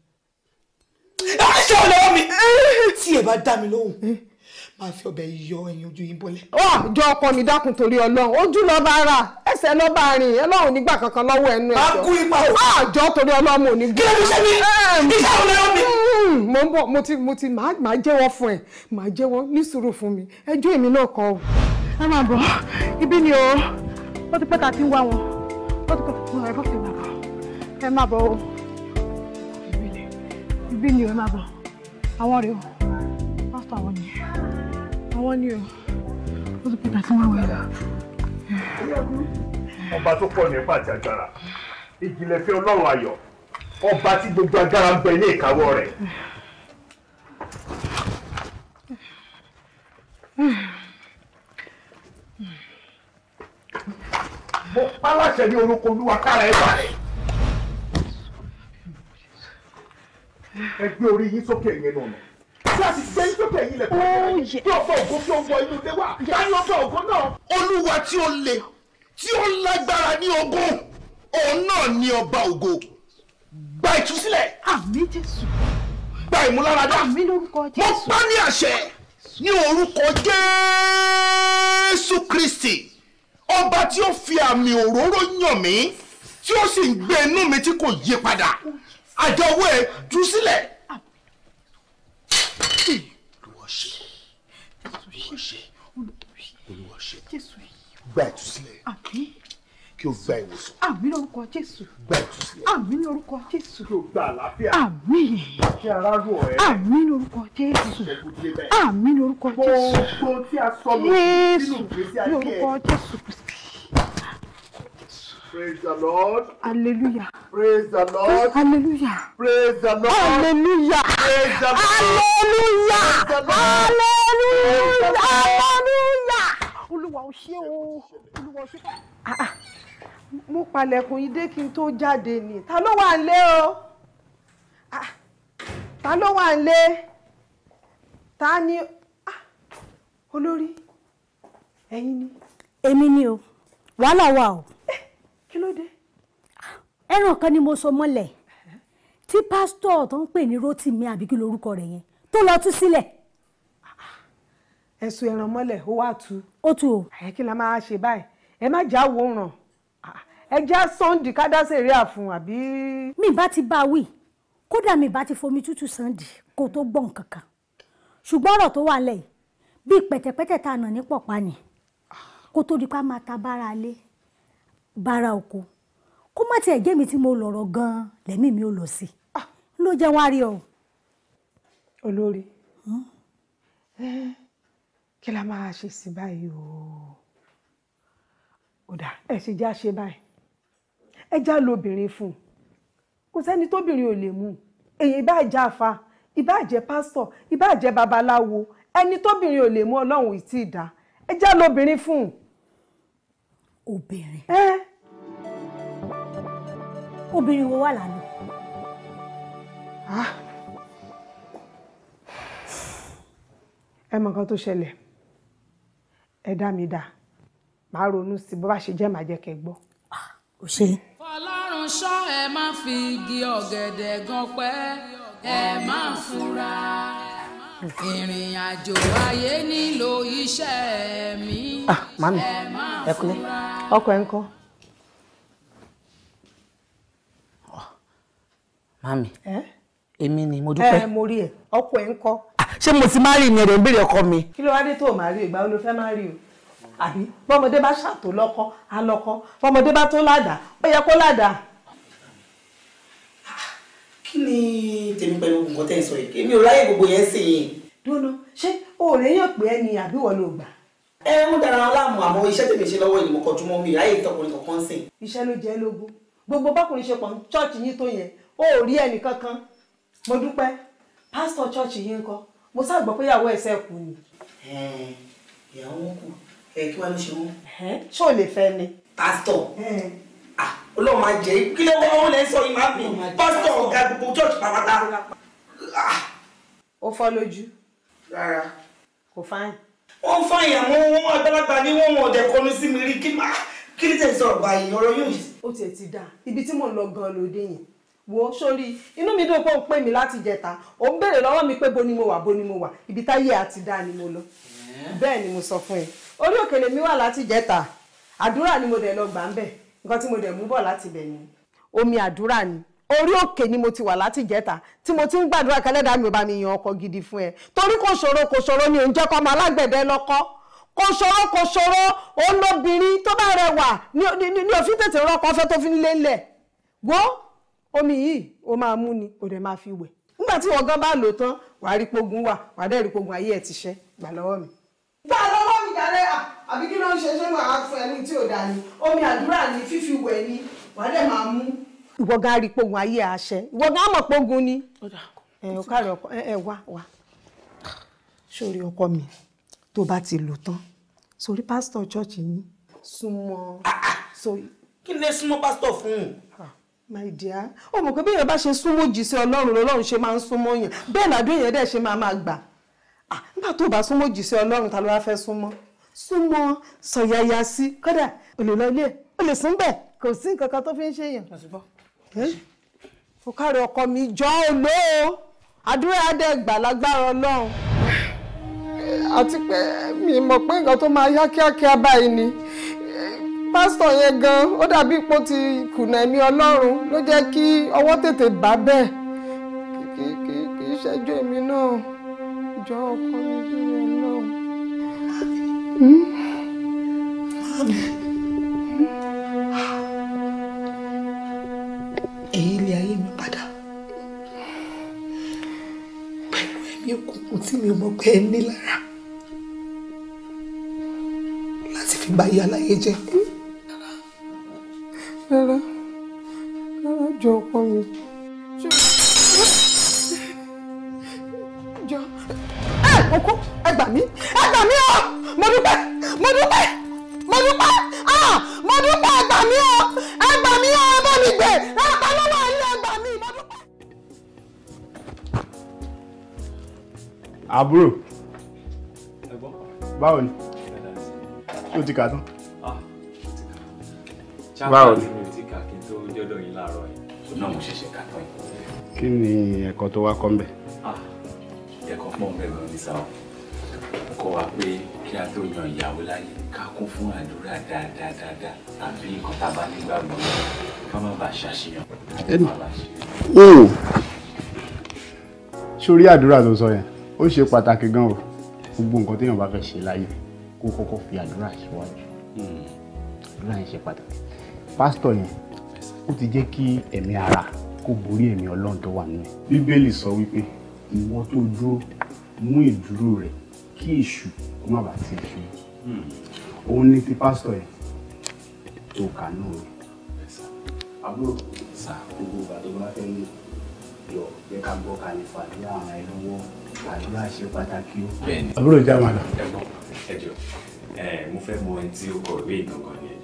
ah, iṣẹ́ wo lẹ rán mi tí ẹ bá dá mi lóhùn máa fi ọbẹ̀ yọ ẹyin ojú yín bọ́lẹ̀. wà á jọ ọkọ mi dákun torí Ọlọ́run ojú lọ bá ra ẹsẹ̀ lọ bá rìn Ọlọ́run nígbà kankan lọ́wọ́ ẹnu ẹjọ́. máa kú ipa o. àjọ torí Ọlọ́run ò ní. kí ló fi ṣe mí iṣẹ́ wo lẹ mi. Hmm, mo ń bọ̀ mo ti mo ti máa jẹ́wọ́ fún ẹ máa jẹ́wọ́ ní fún mi ẹjọ́ èmi náà kọ́ o. ẹ máa bọ̀ ibi ni o ó ti pẹ́ ta ti ń wá wọn ó ti pẹ́ ta ti ń wá wọn ẹ máa bọ̀ o ibi ni o ẹ máa bọ̀ àwọn rèé o pásítọ̀ àwọn ni àwọn ni o ó ti pẹ́ ta ti ń wá wọn ọba tó pọ̀ ní pàtàkì ìjìnlẹ̀ fẹ́ ọlọ́run ayọ̀ ọba tí gbogbo agbára ń bẹ ní ìkáwọ́ rẹ̀. mo pálàṣẹ ní orúkọ olúwa kára ẹ balẹ̀. ẹ gbé orí yín sókè yẹn nù ọ̀nà láti gbé sókè yìí lẹ. bí ọgbà ògo kí o wọ inú ilé wa láyé ọgbà ògo náà. olúwa tí ó le tí ó lágbára ní ogun òun náà ni ọba ògo gba ìtúsílẹ̀. àmín jésù. gba ìmúláradá. àmín lórúkọ jésù. mo pa ní àṣẹ ní orúkọ jésù kristi ọba tí ó fi àmì òróró yàn mí tí ó sì ń gbé inú mi tí kò yí padà àjọwọ́ ẹ̀ tú sílẹ̀. gba ìtúsílẹ̀ kí o gba ìwòsàn. àmín lórúkọ jésù. gba ìwòsàn sílẹ̀. àmín lórúkọ jésù. kí o gba àlàáfíà. àmín. kí ara rò ẹ́. àmín lórúkọ jésù. àmín lórúkọ jésù. gbogbo tí a sọ lọ sínú ìgbésí ayé ẹ. lórúkọ jésù Praise the Lord. Hallelujah. Praise the Lord. Hallelujah. Praise the Lord. Hallelujah. Praise the Lord. Hallelujah. Hallelujah. Hallelujah. Olúwa o ṣé mo palẹ̀kùn yìí dé kí n tó jáde ni ta ló wà nílé o ah, ta ló wà nílé ta ni ah, olórí ẹ̀yin ni. èmi ni o wàhálà wà o. Eh, kí ló dé. ẹran kan ni mo so mọ́lẹ̀ tí pásítọ̀ tó ń pè ní Rótìmí àbí kí lorúkọ rẹ̀ yẹn tó lọ tú sílẹ̀. ẹ̀sùn ẹ̀ràn mọ́lẹ̀ ó wá tu. ó tu o. àyẹ̀kí la máa ṣe báyìí ẹ má jà wòran ẹ jẹ́ Sunday ká dá sẹ̀ríà àbí. mi bá ti bá a wí kódà mi bá ti fomi tútù Sunday kó tó gbọ́ nǹkan kan ṣùgbọ́n ọ̀rọ̀ tó wà lẹ́yìn bíi pẹ̀tẹ̀pẹ̀tẹ̀ tá a nà ní pọ̀pá ni kó tó di pa máa ta bára lé bára oko kó má tiẹ̀ jẹ́ mi tí mo lọ̀rọ̀ gan-an lẹ́mí mi ò lọ sí i ah. ló jẹ́ wá rí ọ. olórí hmm? kí la máa ṣe sí báyìí o ò dà ẹ ṣe já ṣe báyìí ẹ já lóbìnrin fún un kò sẹ́ni tóbìnrin ò lè mú un èyí bá jẹ́ àfa ìbá jẹ́ pásítọ̀ ìbá jẹ́ babaláwo ẹni tóbìnrin ò lè mú ọlọ́run ìtì ìdá ẹ já lóbìnrin fún un. obìnrin. ẹ. obìnrin wo wà lálẹ́. Ah. ẹ mọ nǹkan tó ṣẹlẹ̀ ẹ dá mi dá màá ronú sí bó bá ṣe jẹ́ màá jẹ́ kẹ́ gbọ́. ò ah, ṣe é fọlọ́run ṣọ́ ẹ má fi igi ọ̀gẹ̀dẹ̀ gan pẹ́ ẹ má fura ìrìn àjò ayé nílò iṣẹ́ mi ah, ẹ má fura. ọkọ ẹ ń kọ́. Ah, mami èmi ni mo dúpẹ́. ẹ mo rí ẹ ọkọ ẹ ń kọ́. Ah, ṣé mo ti má rí ni ẹ̀rọ ń béèrè ọkọ mi. kí ló wá dé tó o má rí o ìgbà wo ló fẹ́ má rí o àbí bọ́mọdé bá ṣàtò lọ́kọ́ á lọ́kọ́ bọ́mọdé bá tó ládàá ó yẹ kó ládàá. kí ni tèmi pẹ̀lú oògùn kan tẹ́ ń sọ yìí èmi ò ráyè gbogbo yẹn sì yìí. dúró ṣé òòrè yàn pé ẹni àbí wọ́n ló gbà. ẹ ń dara wọn láàmú àmọ́ iṣẹ́ tèmi ṣe lọ́wọ́ ìlú kọjúmọ́ mi ráyè ìtọkùnrin kankan sìn. iṣẹ́ ló jẹ́ lógún gbogbo bákùnrin ṣe pọ̀ ní ṣọ́ọ̀ṣì yín tó yẹn ó rí ẹnì kankan mo dúpẹ́ pásítọ̀ ṣọ́ọ̀ṣì yín ń kọ́ mo sáà gbọ́ pé ìyàwó ẹ̀sẹ̀ kù ni. ìyàwó kù ẹ kí wàá ló ṣe wọ́n. ṣé o lè fẹ́ ni. pásítọ̀ ah, ọlọ́run máa jẹ́ kí ló wọ́n lẹ́ sọ yìí máa bì pásítọ̀ ọ̀gá gbogbo church pàpàtà. Ah. ó fọ́ lójú. rárá. kò fáyìn. wọ́n fáyìn àmọ́ wọ́n àgbàlagbà ní wọ́n wọ̀n ọ̀dẹ̀ kọnu sí mi rí kí má kí ló tẹ̀ sọ̀rọ̀ báyìí ọ̀rọ̀ yóò yìí. ó tiẹ̀ ti dáa ibi tí mò ń lọ gan-an lòdì yẹn wo sórí inú mi dùn pé òun pè mí láti jẹta ó ń béèrè lọ́wọ́ mi pé bo ni mo wà bo ni mo wà ibi táyé àti dá ni mo lọ bẹ́ẹ̀ ni mo sọ fún ẹ orí òkèlè mi wà láti jẹta àdúrà ni mo dẹ̀ lọ gbà ń bẹ̀ nǹkan tí mo dẹ̀ mú bọ̀ láti bẹ̀ ni. omi àdúrà ni orí òkè ni mo ti wà láti jẹta tí mo ti ń gbàdúrà kẹlẹ́dàá mi ò bá mi yan ọkọ gidi fún ẹ torí kò ṣòro kò ṣòro ni òun jẹ́ ọmọ alágbẹ̀dẹ lọ́kọ́ kò ṣòro kò ṣòro òun lóbìnrin tó bá rẹwà ni òfin tètè rọpò ọfẹ tó fi ń lé ńlẹ̀ wo omi yìí o máa mú ni o dẹ̀ máa fi wẹ̀ nígbà tí wọ́n gan bá lò tán wàá rí pogun wà wàá dẹ̀ rí pogun ayé ẹ̀ ti ṣẹ́ gbà lọ́wọ́ mi. gbà lọ́wọ́ jàre àbí kí ló ń ṣe ṣé wàá fún ẹni tí ò dáa ni omi àdúrà ni fífi wẹ̀ ni wàá dẹ̀ máa mú. ìwọ gan rí pogun ayé àṣẹ ìwọ gan mọ̀ pogun ni ẹ ọkọ ẹ wá wá sórí ọkọ mi tó bá ti lò tán sórí pásítọ̀ chọ́ọ̀chì yín súnmọ́. kí ni súnmọ́ pásítọ̀ fún un ah, my dear o mọ̀ pé bí bá ṣe súnmọ́ jíṣẹ́ ọlọ́run lọ́lọ́run ṣe máa ń súnmọ́ yẹn bẹ́ẹ̀ làdó èèyàn dẹ̀ ṣe máa máa gbà ah, nígbà tó bá súnmọ́ jíṣẹ́ ọlọ́run ta ló wá fẹ́ súnmọ́ súnmọ́ sọ̀yàyà sí kódà o lè lọ ilé o lè sùn bẹ̀ kò sí nǹkan kan tó fi ń ṣe èèyàn. o káre ọkọ mi jọ òlò o àdúrà adé gbàlagbára ọlọ́run. àti pé mi mọ̀ pé nǹkan tó máa yá kíákíá báyìí ni pásítọ̀ yẹn gan ó dàbí ipò ti kùnà ẹ̀mí ọlọ́run ló jẹ́ kí ọwọ́ tètè bá bẹ́ẹ̀ kì í ṣẹ́jú èmi náà jọ ọkọ mi. Mami, ẹ̀yin ilé ayé mi padà. Pẹ̀lú ẹ̀mí òkùnkùn tí mi ò mọ̀ pé ẹ ní lára. Láti fi bá yá láyé jẹ́. Rárá, rárá jọ ọkọ mi. mo kú ẹ gbà mí ẹ gbà mí o mo dúpẹ́ mo dúpẹ́ mo dúpẹ́ ah mo dúpẹ́ ẹ gbà mí o ẹ gbà mí o ẹ bá mi gbé ẹ pa lọ́wọ́ ilé ẹ gbà mí mo dúpẹ́. àbúrò báwo ni ṣé o ti kà tán. báwo ni mi ò ti kà kí n tó jọ́dọ̀ yín láàárọ̀ yìí kí ni ẹ̀kọ́ tó wá kọ́ ń bẹ̀. Ah, ọgbọ́n bẹ̀rù ní sáà kọ́ wa pé kí a tó yan ìyàwó láyé ká kún fún àdúrà dáadáa dáadáa àbí nǹkan tá a bá nígbàgbọ́ ká má bàa ṣàṣeyàn. sórí àdúrà tó sọ yẹn ó ṣe pàtàkì gan o gbogbo nǹkan téèyàn bá fẹ́ ṣe láyé kó kọ́kọ́ fi àdúrà síwájú hmm. àdúrà yẹn ṣe pàtàkì pásítọ̀ yẹn ó ti jẹ́ kí ẹ̀mí ara kó borí ẹ̀mí ọlọ́run tó wà nínú bíbélì sọ wípé ìwọ tó dúró mú ìdúró rẹ̀ kí èṣù kó má bàa ti fi hmm. òun ní ti pásítọ̀ yẹn tó kà náà rẹ̀. àbúrò sà gbogbo ìgbà tó bá fẹ́ lò yọ jẹ́ ká gbọ́ kalẹ̀ fàdúrà àwọn ẹ lọ́wọ́ fàdúrà ṣe pàtàkì ó. àbúrò jáma lọ. ẹ jọ ẹ mo fẹ́ mọ ẹni tí ó kọ ìwé ìgbọ̀ngàn yẹn.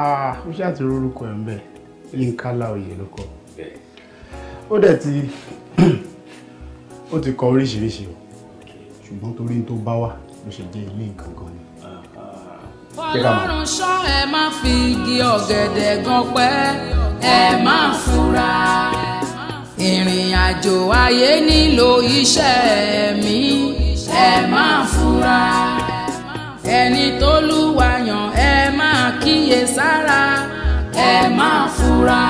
ah ó ṣàtúrò orúkọ ẹ̀ ń bẹ̀ Yínká Láòyè ló kọ ó dẹ̀ ti ó ti kọ oríṣiríṣi o ṣùgbọ́n torí tó bá wà ló ṣe jẹ́ ilé nǹkan kan ni. ọlọ́run ṣọ́ ẹ má fi igi ọ̀gẹ̀dẹ̀ gan pẹ́ ẹ má fura ìrìn àjò ayé nílò iṣẹ́ ẹ̀mí ẹ má fura ẹni tó lùwà ẹ má kíyè sára ẹ má fura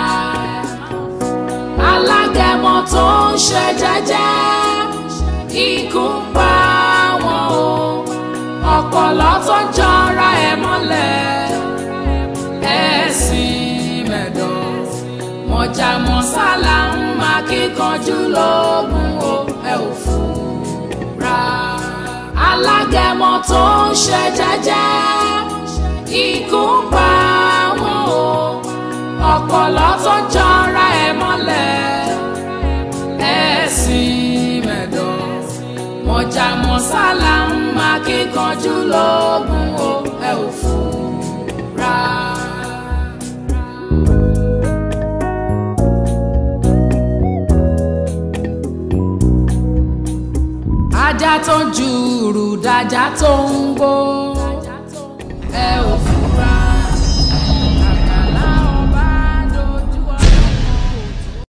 alágẹmọ tó ń ṣe jẹ́jẹ́ ikú pa kọ̀lọ̀kọ̀lọ̀ tó ń jọra ẹ̀ mọ́lẹ̀ ẹ̀ sì mẹ̀dọ̀ mọ̀jà mọ̀sálà ń máa kíkanjú lóògùn o ẹ̀ ò fura. alágẹmọ tó ń ṣe jẹ́jẹ́ ikú pa wọn o ọ̀pọ̀lọ́ tó ń jọra ẹ̀ mọ́lẹ̀ ẹ̀ sì mẹ̀dọ̀ mọ̀jà mọ̀sálà ń akíkanjú lóògùn o ẹ ò fura. ajá tó jùrù dájá tó ń gbó ẹ ò.